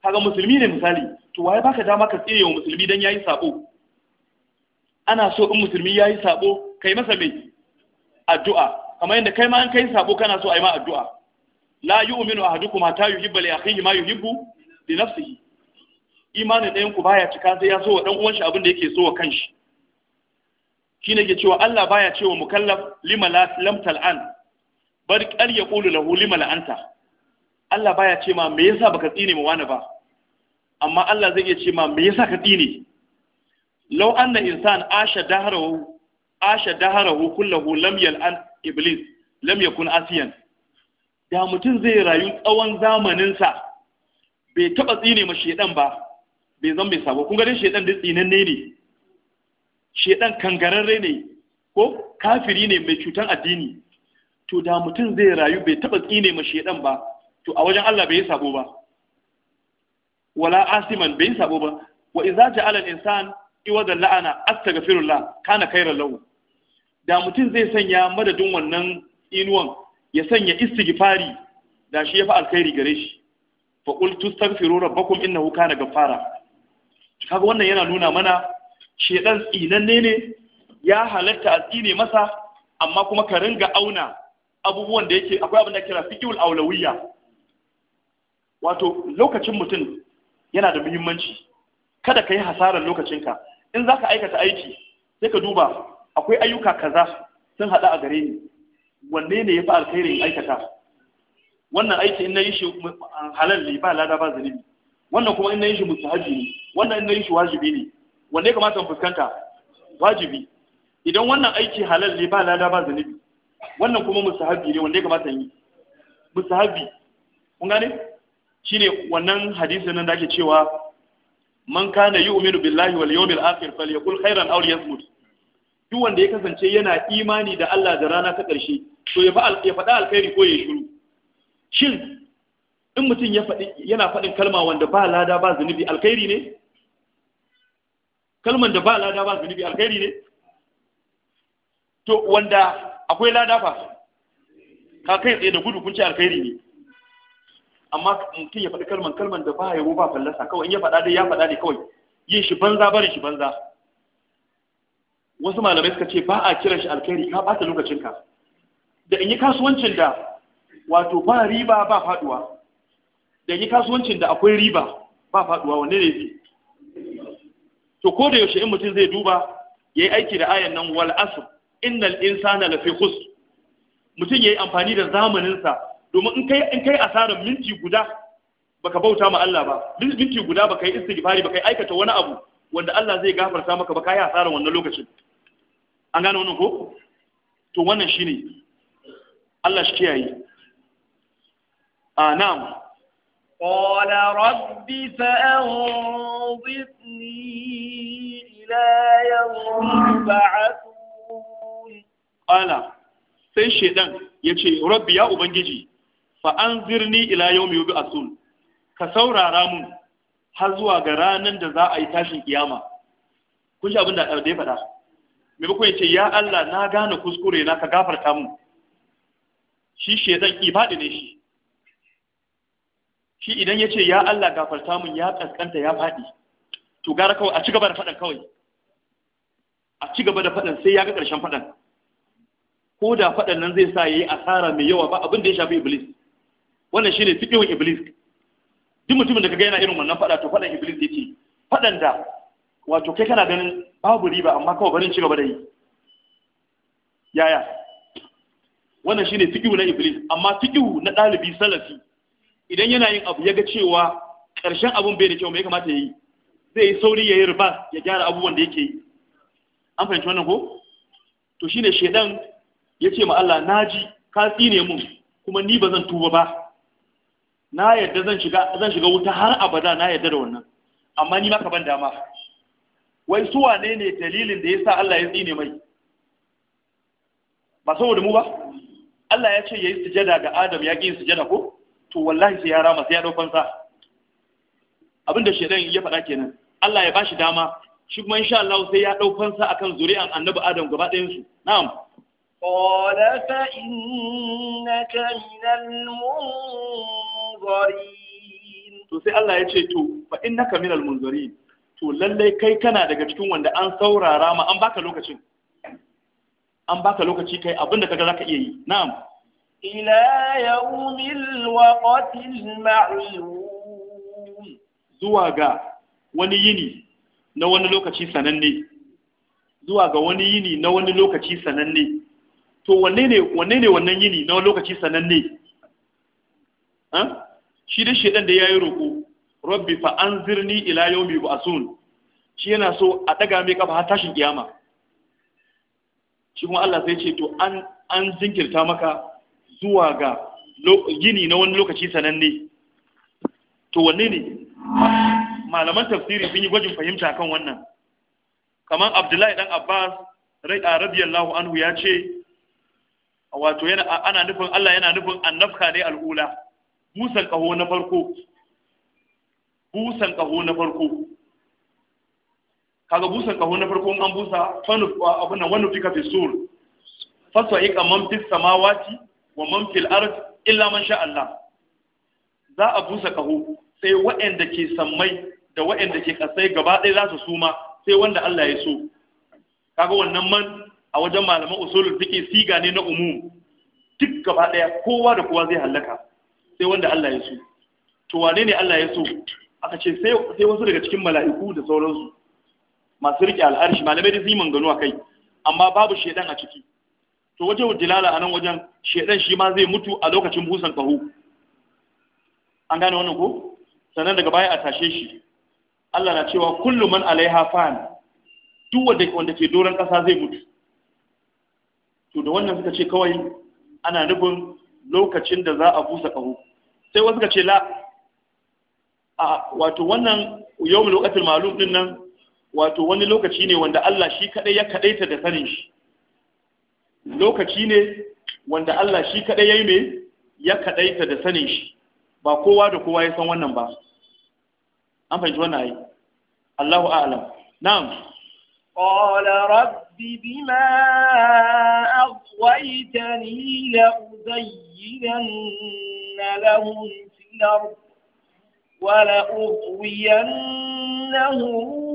kaga musulmi ne misali to waye baka dama ka tsine wa musulmi dan yayi sabo ana so in musulmi yayi sabo kai masa mai addu'a kamar yadda kai ma an kai sabo kana so ai ma addu'a la yu'minu ahadukum hatta yuhibba li akhihi ma yuhibbu li nafsihi imanin ɗayan ku baya cika sai ya so wa dan uwan shi abin da yake so wa kanshi shine ke cewa Allah baya cewa mukallaf lima lam tal'an bar qal yaqulu lahu lima la'anta Allah baya ce ma me yasa baka tsine mu wani ba amma Allah zai iya ce ma me yasa ka tsine law anna insan asha dahrahu asha dahrahu kullahu lam yal'an iblis lam yakun asiyan da mutum zai rayu tsawon zamaninsa bai taɓa tsine ma shedan ba bai zan bai sabo kun ganin shedan da tsinanne ne shedan kangararre ne ko kafiri ne mai cutan addini to da mutum zai rayu bai taɓa tsine ma shedan ba to a wajen Allah bai yi sabo ba wala asiman bai yi sabo ba wa idza ja'ala al-insan iwada la'ana astaghfirullah kana khairan lahu da mutum zai sanya madadin wannan inuwan ya sanya istighfari da shi ya fi alkhairi gare shi fa qultu tastaghfiru rabbakum innahu kana ghaffara kaga wannan yana nuna mana shedan tsinanne ne ya halatta a tsine masa amma kuma ka ringa auna abubuwan da yake akwai abin da kira fiqul aulawiyya wato lokacin mutum yana da muhimmanci kada ka yi hasarar lokacinka in zaka aikata aiki sai ka duba akwai ayyuka kaza sun hada a gare ni wanne ne ya fi alkhairin aikata wannan aiki in na yi shi halal ne ba lada ba zunubi wannan kuma in na yi shi mustahabi ne wannan in na yi shi wajibi ne wanne kamata mu fuskanta wajibi idan wannan aiki halal ne ba lada ba zunubi wannan kuma mustahabi ne wanne kamata yi mustahabi kun gane shine wannan hadisin nan da ake cewa man kana yu'minu billahi wal yawmil akhir falyakul khairan aw liyasmut duk wanda ya kasance yana imani da Allah da rana ta ƙarshe to ya faɗa alkhairi ko ya yi shiru shin in mutum yana faɗin kalma wanda ba lada ba zunubi alkhairi ne kalman da ba lada ba zunubi alkhairi ne to wanda akwai lada fa ka kai tsaye da gudu kun ce alkhairi ne amma mutum ya faɗi kalman kalman da ba ya ba fallasa kawai in ya faɗa dai ya faɗa ne kawai yin shi banza barin shi banza wasu malamai suka ce ba a kiran shi alkhairi ka ɓata lokacinka da in yi kasuwancin da wato ba riba ba faduwa da in yi kasuwancin da akwai riba ba faduwa wanne ne zai to ko da yaushe in mutum zai duba ya yi aiki da ayan nan wal asr innal insana lafi khus mutum ya yi amfani da zamaninsa domin in kai in kai asarar minti guda baka bauta ma Allah ba minti guda baka yi istighfari baka yi aikata wani abu wanda Allah zai gafarta maka baka yi asarar wannan lokacin an gane wannan ko to wannan shine Allah shi kiyaye a ah, na'am قال rabbi فأنظرني ila يوم يبعثون sai shaidan ya ce rabbi ya ubangiji fa an zirni ila yau mai ka saurara mun har zuwa ga ranar da za a yi tashin kiyama kun shi abin da ya faɗa maimakon ya ce ya Allah na gane kuskure na ka gafarta mun shi shedan ibadi ne shi shi idan ya ce ya Allah gafarta mun ya kaskanta ya faɗi to gara kawai a ci gaba da faɗin kawai a ci gaba da faɗin sai ya ga ƙarshen faɗin. ko da faɗin nan zai sa ya yi asara mai yawa ba abin da ya shafi iblis wannan shine fiƙihun iblis duk mutumin da kaga yana irin wannan faɗa to faɗin iblis yace Faɗin da wato kai kana ganin babu riba amma kawai barin ci gaba da yi yaya wannan shine fiqhu na iblis amma fiqhu na ɗalibi salafi idan yana yin abu ya ga cewa ƙarshen abun bai da kyau me kamata yayi zai yi sauri yayi riba ya gyara abubuwan da yake yi an fahimci wannan ko to shine shedan yace ma Allah naji ka tsine mun kuma ni ba zan tuba ba na yadda zan shiga wuta har abada na yadda da wannan amma ni ma ban dama wai su wane ne dalilin da ya sa Allah ya tsine mai ba saboda mu ba Allah ya ce ya yi sujada ga Adam ya ƙi sujada ko to wallahi sai ya rama sai ya dau fansa abinda shaidan ya faɗa kenan Allah ya bashi dama shi kuma insha Allah sai ya dau fansa akan zuri'an Annabi Adam gaba ɗayan su na'am qala fa innaka minal munzirin to sai Allah ya ce to fa innaka minal munzirin to lallai kai kana daga cikin wanda an saurara ma an baka lokacin an baka lokaci kai abin da kaga zaka iya yi na'am ila yawmil waqtil ma'lum zuwa ga wani yini na wani lokaci sananne zuwa ga wani yini na wani lokaci sananne to wanne ne wanne ne wannan yini na wani lokaci sananne ha shi da shedan da yayi roko rabbi fa anzirni ila yawmi ba'sun shi yana so a daga mai kafa tashin kiyama shi kuma Allah sai ce to an an jinkirta maka zuwa ga gini na wani lokaci sananne to wanne ne malaman tafsiri sun yi gwajin fahimta kan wannan kamar Abdullahi dan Abbas radiyallahu anhu ya ce wato yana ana nufin Allah yana nufin annafka ne al'ula busan kaho na farko busan kaho na farko kaga busan kaho na farko an busa fanu abuna wannan fika fi sur fasa ika man fi samawati wa man fil ard illa man sha Allah za a busa kaho sai waɗanda ke sammai da waɗanda ke kasai gaba ɗaya za su suma sai wanda Allah ya so kaga wannan man a wajen malaman usulul fiqi siga ne na umum duk gaba ɗaya kowa da kowa zai halaka sai wanda Allah ya so to wane ne Allah ya so aka ce sai wasu daga cikin mala'iku da sauransu masu riƙe al'arshi malamai da zimin gano a kai amma babu shaidan a ciki to waje dilala a nan wajen shaidan shi ma zai mutu a lokacin busan kaho an gane wannan ko sannan daga baya a tashe shi Allah na cewa kullum man alaiha fan duk wanda wanda ke doron ƙasa zai mutu to da wannan suka ce kawai ana nufin lokacin da za a busa kaho sai wasu suka ce la a wato wannan yawmul waqtil ma'lum din nan wato wani lokaci ne wanda Allah shi kadai ya kadaita da sanin shi lokaci ne wanda Allah shi kadai yayi mai ya kadaita da sanin shi ba kowa da kowa ya san wannan ba an fahimci wannan ai Allahu a'lam na'am قال رب بما أغويتني لأزينن لهم في الأرض ولأغوينهم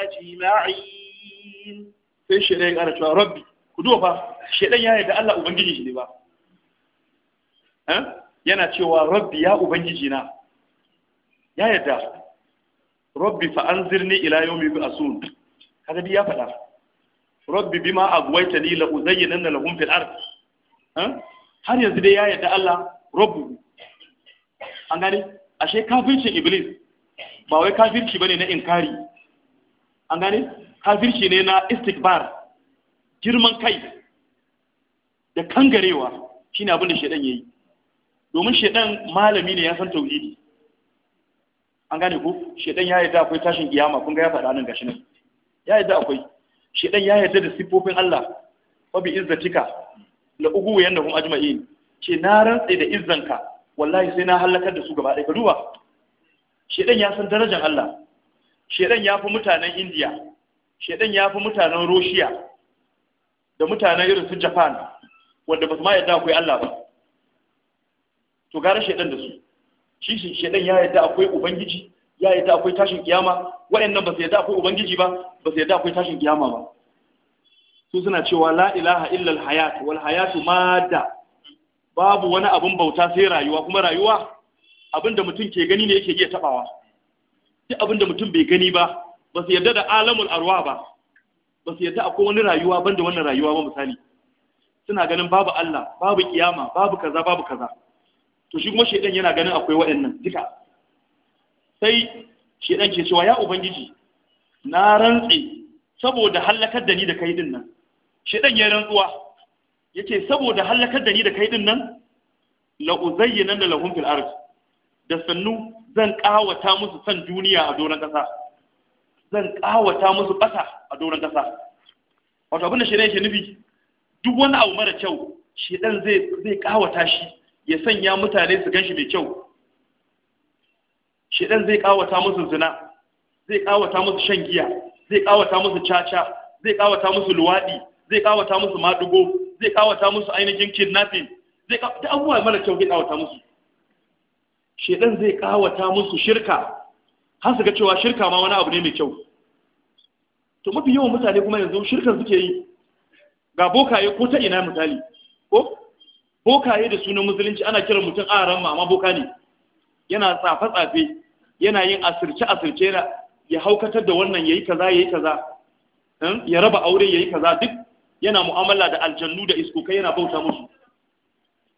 ajima'in sai shedan ya kara cewa rabbi ku duba fa shedan ya yarda Allah ubangiji shi ne ba eh yana cewa rabbi ya ubangiji na ya yarda rabbi fa anzirni ila yawmi yub'asun kaga ya fada rabbi bima agwaytani la uzayyinanna lahum fil ard eh? har yanzu dai ya yarda Allah rabbu an gani ashe kafircin iblis ba wai kafirci bane na inkari an gane kafirci ne na istikbar girman kai da kangarewa shine abin da ya yi. domin shedan malami ne ya san tauhidi an gane ku shedan ya yarda akwai tashin iyama, kun ga ya faɗa nan gashi nan ya yarda akwai shedan ya yarda da siffofin Allah wabi izzatika la ugu yannahum ajma'in ce na rantsa da izzanka wallahi sai na halakar da su gaba ɗaya ka duba shedan ya san darajar Allah shedan ya fi mutanen indiya shedan ya fi mutanen roshiya da mutanen irin su japan wanda ba su ma yadda akwai allah ba to gara shedan da su shi shedan ya yadda akwai ubangiji ya yadda akwai tashin kiyama waɗannan ba su yadda akwai ubangiji ba ba su yadda akwai tashin kiyama ba su suna cewa la ilaha illal hayat wal hayatu madda babu wani abin bauta sai rayuwa kuma rayuwa abin da mutum ke gani ne yake iya tabawa duk abin da mutum bai gani ba ba su yarda da alamul arwa ba ba su yarda akwai wani rayuwa banda wannan rayuwa ba misali suna ganin babu Allah babu kiyama babu kaza babu kaza to shi kuma shedan yana ganin akwai waɗannan duka sai shedan ke cewa ya ubangiji na rantsi saboda halakar da ni da kai din nan shedan ya rantsuwa yace saboda halakar da ni da kai din nan la uzayyana lahum fil ardh da sannu zan ƙawata musu san duniya a doron ƙasa zan ƙawata musu ɓata a doron ƙasa wato abin da shi yake nufi duk wani abu mara kyau shi ɗan zai ƙawata shi ya sanya mutane su gan shi mai kyau shi dan zai ƙawata musu zina zai ƙawata musu shan giya zai ƙawata musu caca zai ƙawata musu luwaɗi zai ƙawata musu madugo zai ƙawata musu ainihin kidnapping zai ƙawata abubuwa mara kyau zai ƙawata musu shedan zai kawata musu shirka har su ga cewa shirka ma wani abu ne mai kyau to mafi yawan mutane kuma yanzu shirkan suke yi ga bokaye ko ta ina misali ko bokaye da sunan musulunci ana kiran mutum a ran amma boka ne yana tsafe tsafe yana yin asirce asirce yana ya haukatar da wannan yayi kaza yayi kaza hmm, ya raba aure yayi kaza duk yana mu'amala da aljannu da iskokai yana bauta musu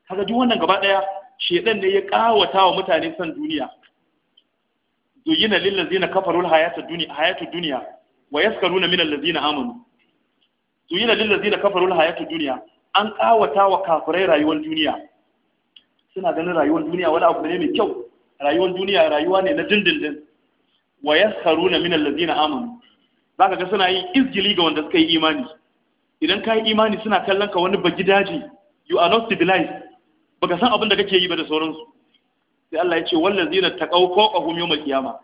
kaga duk wannan gaba daya shedan ne ya kawata wa mutane son duniya zuyina lil ladzina kafaru al hayatu dunya hayatu dunya wa yaskaruna min alladzina amanu zuyina lil ladzina kafaru al hayatu dunya an kawata wa kafirai rayuwar duniya suna ganin rayuwar duniya wani abu ne mai kyau rayuwar duniya rayuwa ne na dindindin wa yaskaruna min alladzina amanu zaka ga suna yin izgili ga wanda suka yi imani idan ka yi imani suna kallon ka wani bagidaji, you are not civilized baka san abin da kake yi ba da sauransu sai Allah ya ce wallazina taqaw fawqahum yawmal qiyama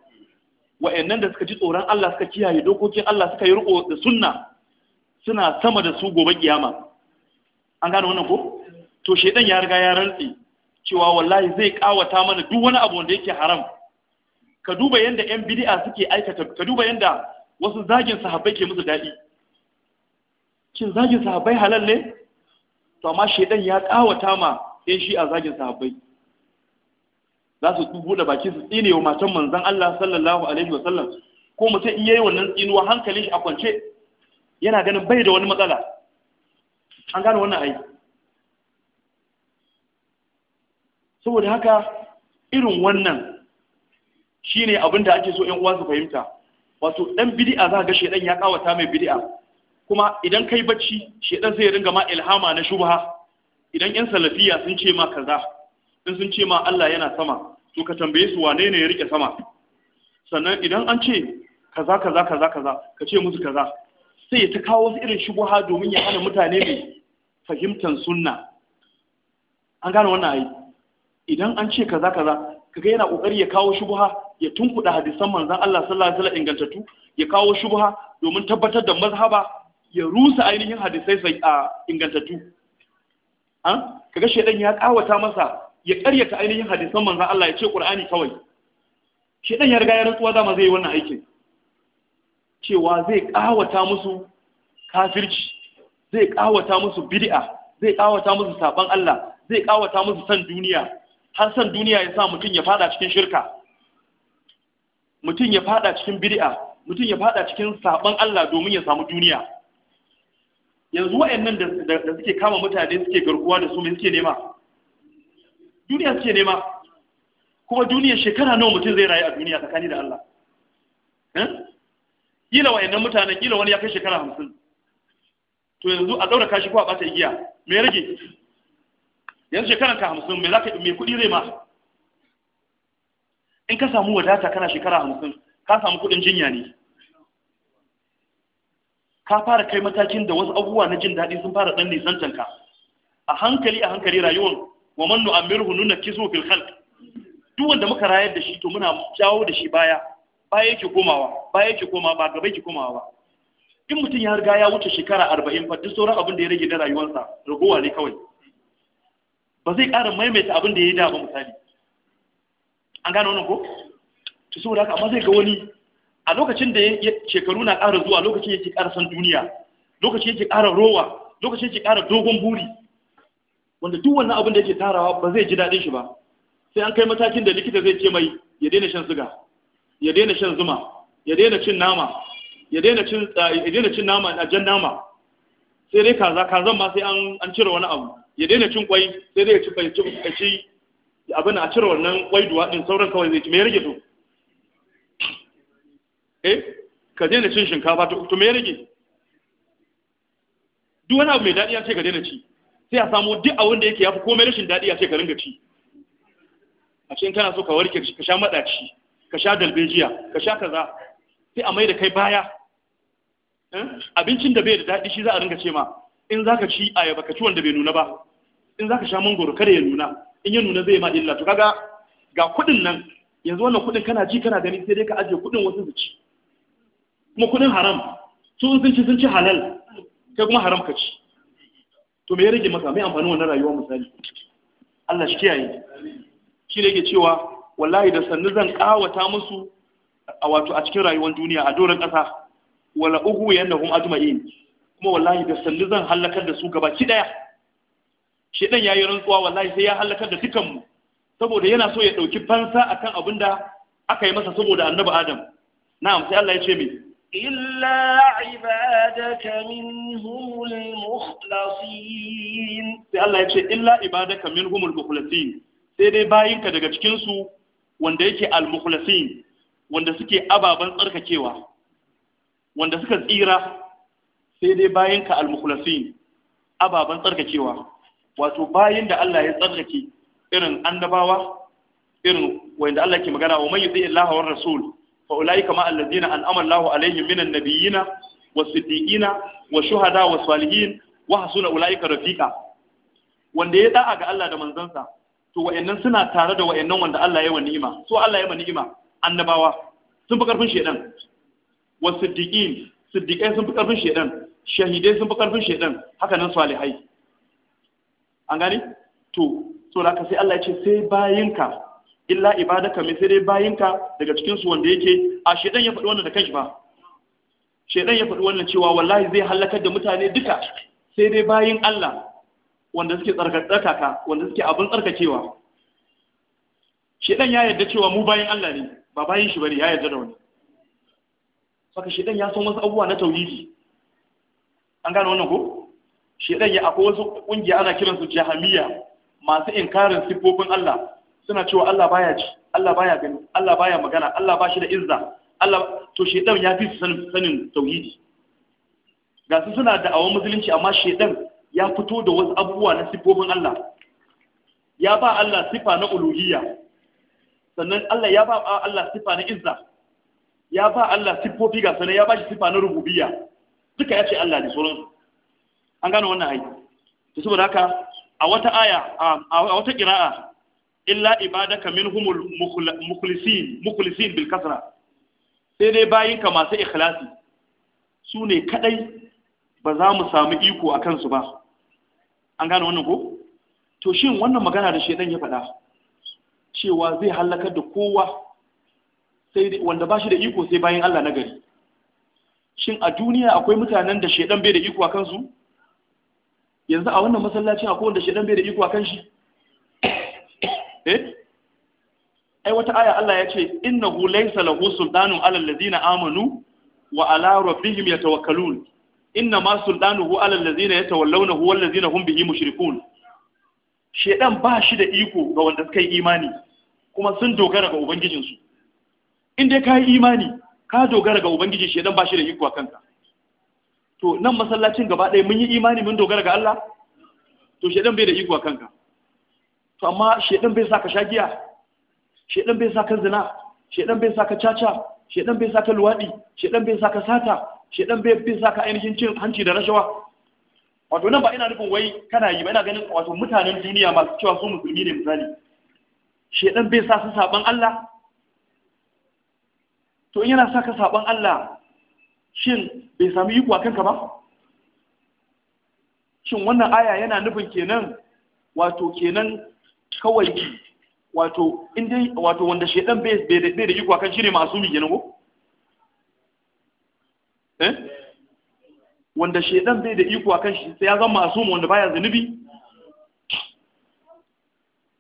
wa'annan da suka ji tsoron Allah suka kiyaye dokokin Allah suka yi riko da sunna suna sama da su gobe kiyama an gane wannan ko to shedan ya riga ya rantsi cewa wallahi zai kawata mana duk wani abu wanda yake haram ka duba yanda yan bid'a suke aikata ka duba yanda wasu zagin sahabbai ke musu dadi shin zagin sahabbai halal ne to amma shedan ya kawata ma sai shi a zagin sahabbai za su buɗe baki su tsine wa matan manzan Allah sallallahu alaihi wasallam ko mutum in yi wannan tsinuwa hankalin shi a kwance yana ganin bai da wani matsala an gane wannan ai saboda haka irin wannan shine abin da ake so 'yan uwa su fahimta wato ɗan bid'a za ga shedan ya kawata mai bid'a kuma idan kai bacci shedan sai ya ringa ma ilhama na shubha idan yan salafiya sun ce ma kaza in sun ce ma Allah yana sama to ka tambaye su wane ne ya rike sama sannan idan an ce kaza kaza kaza kaza ka ce musu kaza sai ya ta kawo wasu irin shubuha domin ya hana mutane ne fahimtar sunna an gane wannan ayi idan an ce kaza kaza kaga yana kokari ya kawo shubuha ya tunkuda hadisan manzon Allah sallallahu alaihi wasallam ingantattu ya kawo shubuha domin tabbatar da mazhaba ya rusa ainihin hadisai sai a ingantattu an kaga shedan ya kawata masa ya karyata ainihin hadisan manzon Allah ya ce Qur'ani kawai shedan ya riga ya rantsuwa dama zai yi wannan aikin cewa zai kawata musu kafirci zai kawata musu bid'a zai kawata musu saban Allah zai kawata musu san duniya har san duniya ya sa mutum ya fada cikin shirka mutum ya fada cikin bid'a mutum ya fada cikin saban Allah domin ya samu duniya yanzu wa'annan da suke kama mutane suke garkuwa da su mai suke nema duniya suke nema kuma duniya shekara nawa mutum zai rayu a duniya tsakani da Allah eh? kila wa'annan mutanen kila wani ya kai shekara hamsin to yanzu a ɗaura kashi ko a ɓata igiya me rage yanzu shekaran ka hamsin me zaka me kuɗi zai ma in ka samu wadata kana shekara hamsin ka samu kuɗin jinya ne ka fara kai matakin da wasu abubuwa na jin daɗi sun fara ɗan nisantanka. a hankali a hankali rayuwar wa man nu'ammirhu nunkisu fil khalq duk wanda muka rayar da shi to muna jawo da shi baya baya yake komawa baya yake komawa ba gaba yake komawa ba in mutum ya riga ya wuce shekara arba'in fa duk sauran abin da ya rage na rayuwarsa ragowa ne kawai ba zai ƙara maimaita abin da ya yi da ba misali an gane wannan ko to saboda haka amma zai ga wani a lokacin da shekaru na ƙara zuwa lokacin yake ƙara san duniya lokacin yake ƙara rowa lokacin yake ƙara dogon buri wanda duk wannan abin da yake tarawa ba zai ji daɗin shi ba sai an kai matakin da likita zai ce mai ya daina shan suga ya daina shan zuma ya daina cin nama ya daina cin eh, ya daina cin nama a eh, jan nama sai dai kaza kazan ma sai an an cire wani abu ya daina cin kwai sai dai ya ci ci abin a cire wannan kwai duwa din sauran kawai zai ci me ya rage to eh ka daina cin shinkafa to me ya rage duk wani abu mai daɗi ya ce ka daina ci sai a samu duk abin da yake ya fi komai rashin daɗi ya ce ka ringa ci a cikin kana so ka warke ka sha maɗaci ka sha dalbejiya ka sha kaza sai a mai da kai baya eh, abincin da bai da daɗi shi za a ringa ce ma in za ka ci ayaba ka ci wanda bai nuna ba in za ka sha mangoro kada ya nuna in ya nuna zai ma illa to kaga ga kuɗin nan yanzu wannan kuɗin kana ji kana gani sai dai ka ajiye kuɗin wasu su ci kuma kudin haram su sun ci sun ci halal kai kuma haram ka ci to me ya rage maka mai amfani wannan rayuwa misali Allah shi kiyaye shi ne yake cewa wallahi da sannu zan kawata musu a wato a cikin rayuwar duniya a doron kasa wala uhu yanahum ajma'in kuma wallahi da sannu zan halakar da su gabaki daya shedan yayi rantsuwa wallahi sai ya halakar da dukan mu saboda yana so ya dauki fansa akan abinda aka yi masa saboda annabi Adam na'am sai Allah ya ce mai إلا عبادك منهم المخلصين sai Allah ya ce illa ibadaka minhum al-mukhlasin sai dai bayinka daga cikin wanda yake al-mukhlasin wanda suke ababan tsarkakewa wanda suka tsira sai dai bayinka al-mukhlasin ababan tsarkakewa wato bayin da Allah ya tsarkake irin annabawa irin Allah ke magana wa man yuti illaha war rasul fa ulaika ma allazina an'ama Allahu alaihim minan nabiyina was-siddiqina wash-shuhada was-salihin wa hasuna ulaika rafiqa wanda ya da'a ga Allah da manzansa to wayannan suna tare da wayannan wanda Allah ya wa ni'ima so Allah ya wa ni'ima annabawa sun fi karfin shedan wa siddiqin siddiqai sun fi karfin shedan shahidai sun fi karfin shedan haka nan salihai an gani to so da ka sai Allah ya ce sai bayinka illa ibadaka mai sai dai bayinka daga cikin su wanda yake a shedan ya faɗi wannan da kanshi ba shedan ya faɗi wannan cewa wallahi zai halakar da mutane duka sai dai bayin Allah wanda suke tsarkaka wanda suke abin tsarkakewa shedan ya yarda cewa mu bayin Allah ne ba bayin shi bane ya yarda da wani saka shedan ya san wasu abubuwa na tauhidi an gane wannan ko shedan ya akwai wasu kungiya ana kiransu jahamiya masu inkarin sifofin Allah suna cewa Allah baya ci Allah baya gani Allah baya magana Allah ba shi da izza Allah to shedan ya fi sanin sanin tauhidi ga su suna da awon musulunci amma shedan ya fito da wasu abubuwa na sifofin Allah ya ba Allah sifa na uluhiyya sannan Allah ya ba Allah sifa na izza ya ba Allah sifofi ga sanan ya ba shi sifa na rububiyya duka ya ce Allah ne sauran an gane wannan aiki to saboda haka a wata aya a wata qira'a illa ibadaka minhumul mukhlisin mukhlisin bil kasra sai dai bayinka masu ikhlasi su ne kadai ba za mu samu iko a kansu ba an gane wannan ko to shin wannan magana da shedan ya faɗa cewa zai halakar da kowa sai wanda ba shi da iko sai bayan Allah na gari shin a duniya akwai mutanen da shedan bai da iko a kansu yanzu a wannan masallacin akwai wanda shedan bai da iko a kan shi eh ai wata aya Allah ya ce innahu laysa lahu sultanun ala alladhina amanu wa ala rabbihim yatawakkalun inna ma sultanuhu ala alladhina yatawallawnahu wal ladina hum bihi mushrikun shedan ba shi da iko ga wanda suka yi imani kuma sun dogara ga ubangijin su in dai ka yi imani ka dogara ga ubangiji shedan ba shi da iko a kanka to nan masallacin gaba ɗaya mun yi imani mun dogara ga Allah to shedan bai da iko a kanka to amma shedan bai sa ka sha giya shedan bai sa zina shedan bai sa ka caca shedan bai sa ka luwadi shedan bai sa ka sata shedan bai bin sa ka ainihin cin hanci da rashawa wato nan ba ina nufin wai kana yi ba ina ganin wato mutanen duniya masu cewa su musulmi ne misali shedan bai sa su saban Allah to in yana sa ka saban Allah shin bai sami iko a kanka ba shin wannan aya yana nufin kenan wato kenan kawai wato inda wato wanda shedan bai bai da iko kan shine masumi kenan ko eh wanda shedan bai da iko kan shi sai ya zama masu wanda baya zunubi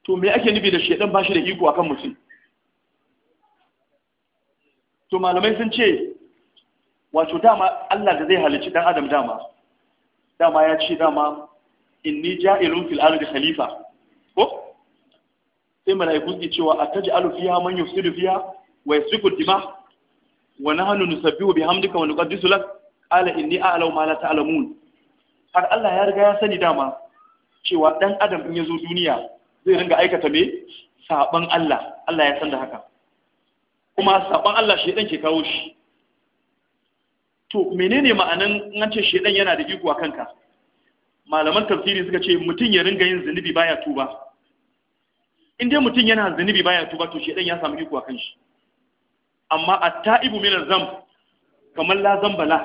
to me ake nubi da shedan bashi da iko kan mutum to malamai sun ce wato dama Allah da zai halicci dan adam dama dama ya ce dama inni ja'ilun fil ardi khalifa sai mala'iku ke cewa a taji fiha man yufsidu fiha wa yasfiku dima wa nahnu nusabbihu bihamdika wa nuqaddisu lak ala inni a'lamu ma la ta'lamun har Allah ya riga ya sani dama cewa dan adam in yazo duniya zai ringa aikata me saban Allah Allah ya san da haka kuma saban Allah shi dan ke kawo shi to menene ma'anan in an ce shedan yana da iko a kanka malaman tafsiri suka ce mutum ya ringa yin zunubi baya tuba in dai mutum yana zunubi baya tuba to dan ya samu iko kan shi amma at-ta'ibu min az-zamb kamar la zambala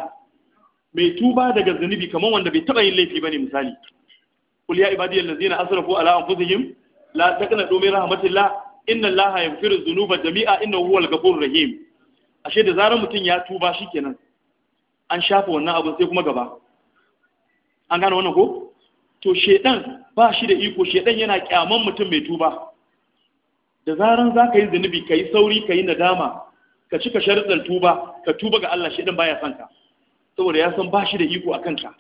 mai tuba daga zunubi kamar wanda bai taba yin laifi bane misali qul ya ibadiyal allazina asrafu ala anfusihim la taqnatu min rahmatillah inna allaha yaghfiru dhunuba jami'a innahu huwal ghafurur rahim ashe da zarar mutum ya tuba shikenan an shafa wannan abu sai kuma gaba an gane wannan ko to shedan ba shi da iko shedan yana kyaman mutum mai tuba da zaran za ka yi zunubi ka yi sauri ka yi nadama ka cika sharuɗar tuba ka tuba ga Allah shi ɗin baya son ka saboda ya san ba shi da iko a kanka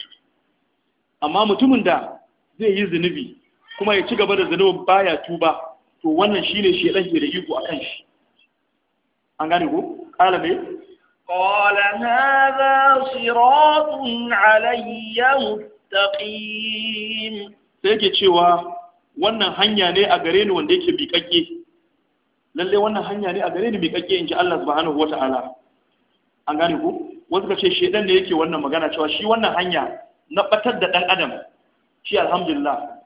amma mutumin da zai yi zunubi kuma ya ci gaba da zunubin baya tuba to wannan shi ne shi ɗan ke da iko a kan shi an gane ko ƙala mai قال هذا rotun alayya مستقيم sai yake cewa wannan hanya ne a gare ni wanda yake biƙaƙe lalle wannan hanya ne a gare ni miƙaƙƙe in ji Allah subhanahu wa ta'ala an gane ku wasu ka ce shedan ne yake wannan magana cewa shi wannan hanya na batar da ɗan adam shi alhamdulillah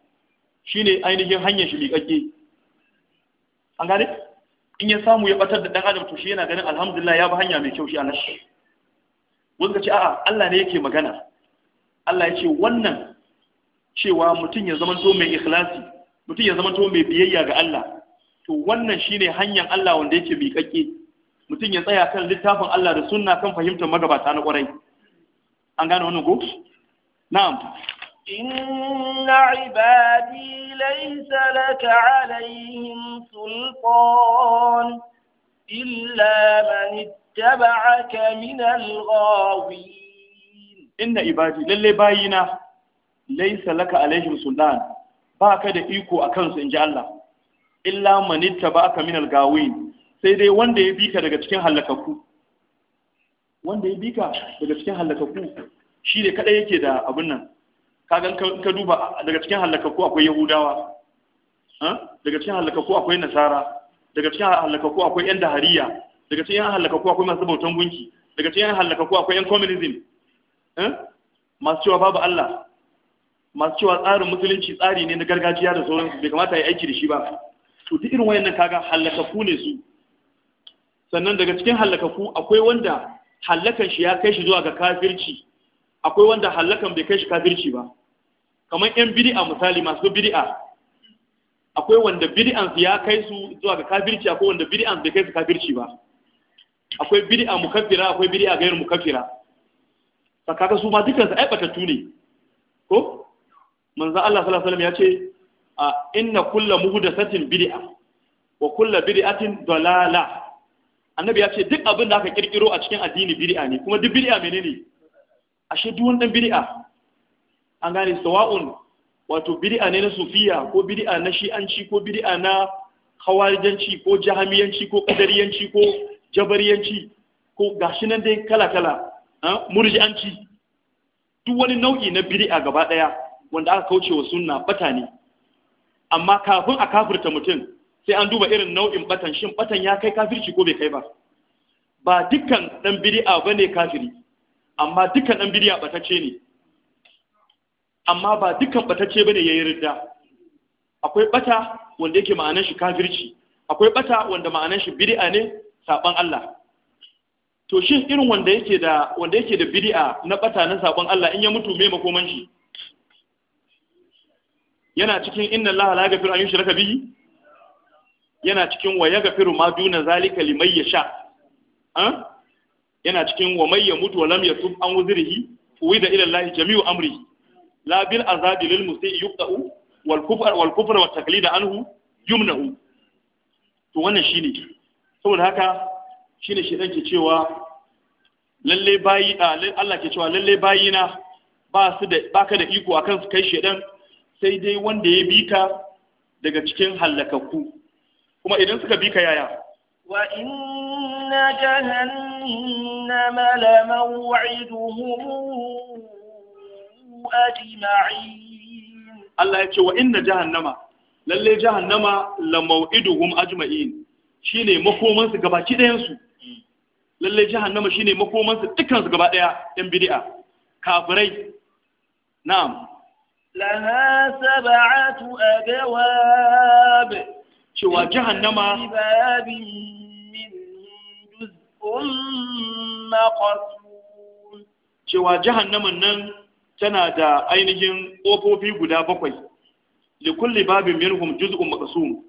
shi ne ainihin hanyar shi miƙaƙƙe an gane in ya samu ya batar da ɗan adam to shi yana ganin alhamdulillah ya bi hanya mai kyau shi a nashi wasu ka ce a'a Allah ne yake magana Allah ya ce wannan cewa mutum ya to mai ikhlasi mutum ya to mai biyayya ga Allah to wannan shine hanyar Allah wanda yake miƙaƙe mutum ya tsaya kan littafin Allah da sunna kan fahimtar magabata na ƙwarai an gane wannan ko na'am inna ibadi laysa laka alaihim sultan illa man ittaba'aka min alghawin inna ibadi lalle bayina laysa laka alaihim sultan ba da iko akan su inji Allah illa manitta ba aka minal gawi sai dai wanda ya bika daga cikin halakaku wanda ya bika daga cikin halakaku shi ne kadai yake da abin nan kagan ka duba daga cikin halakaku akwai yahudawa ah, daga cikin halakaku akwai nasara daga cikin halakaku akwai yan dahariya daga cikin yan halakaku akwai masu bautan gunki daga cikin yan halakaku akwai yan communism ah, masu cewa babu Allah masu cewa tsarin musulunci tsari ne na gargajiya da sauransu bai kamata ya aiki da shi ba to duk irin wayannan kaga halakaku ne su sannan daga cikin halakaku akwai wanda hallakan shi ya kai shi zuwa ga kafirci akwai wanda hallakan bai kai shi kafirci ba kamar yan bid'a misali masu bid'a akwai wanda bid'an su ya kai su zuwa ga kafirci akwai wanda bid'an bai kai su kafirci ba akwai bid'a mukaffira akwai bid'a gairu mukaffira saka su ma dukkan su aibatattu ne ko manzo Allah sallallahu alaihi wasallam ya ce inna kulla muhdathatin bid'a wa kulla bid'atin dalala annabi ya ce duk abin da aka kirkiro a cikin addini bid'a ne kuma duk bid'a menene ashe duk wannan bid'a an gane sawa'un wato bid'a ne na sufiya ko bid'a na shi'anci ko bid'a na khawarijanci ko jahamiyanci ko qadariyanci ko jabariyanci ko gashi nan dai kala-kala ah, murji'anci duk wani nau'i na bid'a gaba daya wanda aka kauce wa sunna bata amma kafin a kafirta mutum sai an duba irin nau'in batan shin batan ya kai kafirci ko bai kai ba ba dukkan dan bid'a bane kafiri amma dukkan dan bid'a batacce ne amma ba dukkan batacce bane yayin ridda akwai bata wanda yake ma'anar shi kafirci akwai bata wanda ma'anar shi bid'a ne saban Allah to shin irin wanda yake da wanda yake da bid'a na bata na saban Allah in ya mutu me makomanci shi yana cikin inna Allah la yaghfiru an yushraka bihi yana cikin wa yaghfiru ma duna zalika liman yasha an yana cikin wa may yamut wa lam yatub an wuzrihi uwida ila Allah jami'u amri la bil azabi lil musii yuqta'u wal kufr wal kufr wa taqlid anhu yumnahu to wannan shine saboda haka shine shedan ke cewa lalle bayi Allah ke cewa lalle bayina ba su da baka da iko akan su kai shedan sai dai wanda ya bika daga cikin hallakakku kuma idan suka bi ka yaya wa inna jahannama la maw'iduhum ajma'in Allah ya ce wa inna jahannama lalle jahannama la maw'iduhum ajma'in shine makoman su gabaki dayan su lalle jahannama shine makoman su dukkan su gaba ɗaya yan bid'a kafirai na'am لها سبعة أبواب شوى جهنم باب من جزء مقسوم شوى جهنم النن تنادى أينهم أينجن قوفوفي قدا بقوي لكل باب منهم جزء مقسوم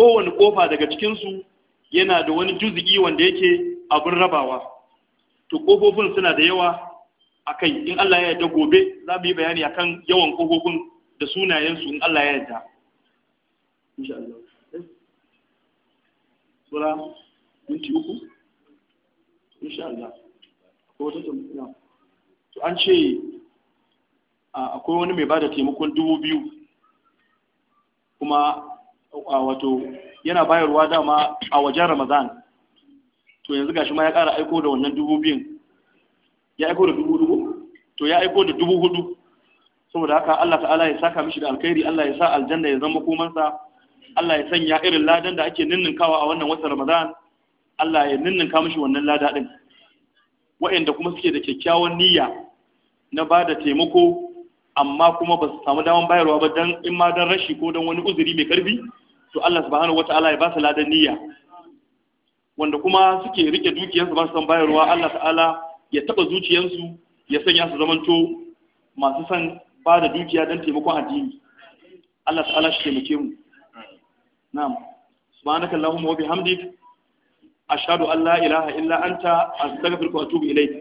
هو kofa daga cikinsu yana da wani juzi'i wanda yake abin rabawa to kofofin akai in Allah ya yarda gobe za mu yi bayani akan yawan kofofin da sunayensu in Allah ya yarda insha Allah sura minti uku insha Allah ko wata tambaya to an ce akwai wani mai bada taimakon dubu biyu kuma a wato yana bayarwa dama a wajen Ramadan to yanzu gashi ma ya ƙara aiko da wannan dubu biyun ya aiko da dubu to ya aiko da dubu hudu saboda haka Allah ta'ala ya saka mishi da alkhairi Allah ya sa aljanna ya zama komansa Allah ya sanya irin ladan da ake ninninkawa a wannan watan Ramadan Allah ya ninninka mishi wannan lada din wa'anda kuma suke da kyakkyawan niyya na ba da taimako amma kuma ba su samu daman bayarwa ba dan in ma dan rashi ko dan wani uzuri mai karfi to Allah subhanahu wata'ala ya ba su ladan niyya wanda kuma suke rike dukiyarsu ba su san bayarwa Allah ta'ala ya taba zuciyarsu ya sanya su zamanto masu san ba da dukiya don taimakon addini Allah ta'ala shi taimake mu na'am subhanaka allahumma wa bihamdik ashhadu an la ilaha illa anta astaghfiruka wa atubu ilayk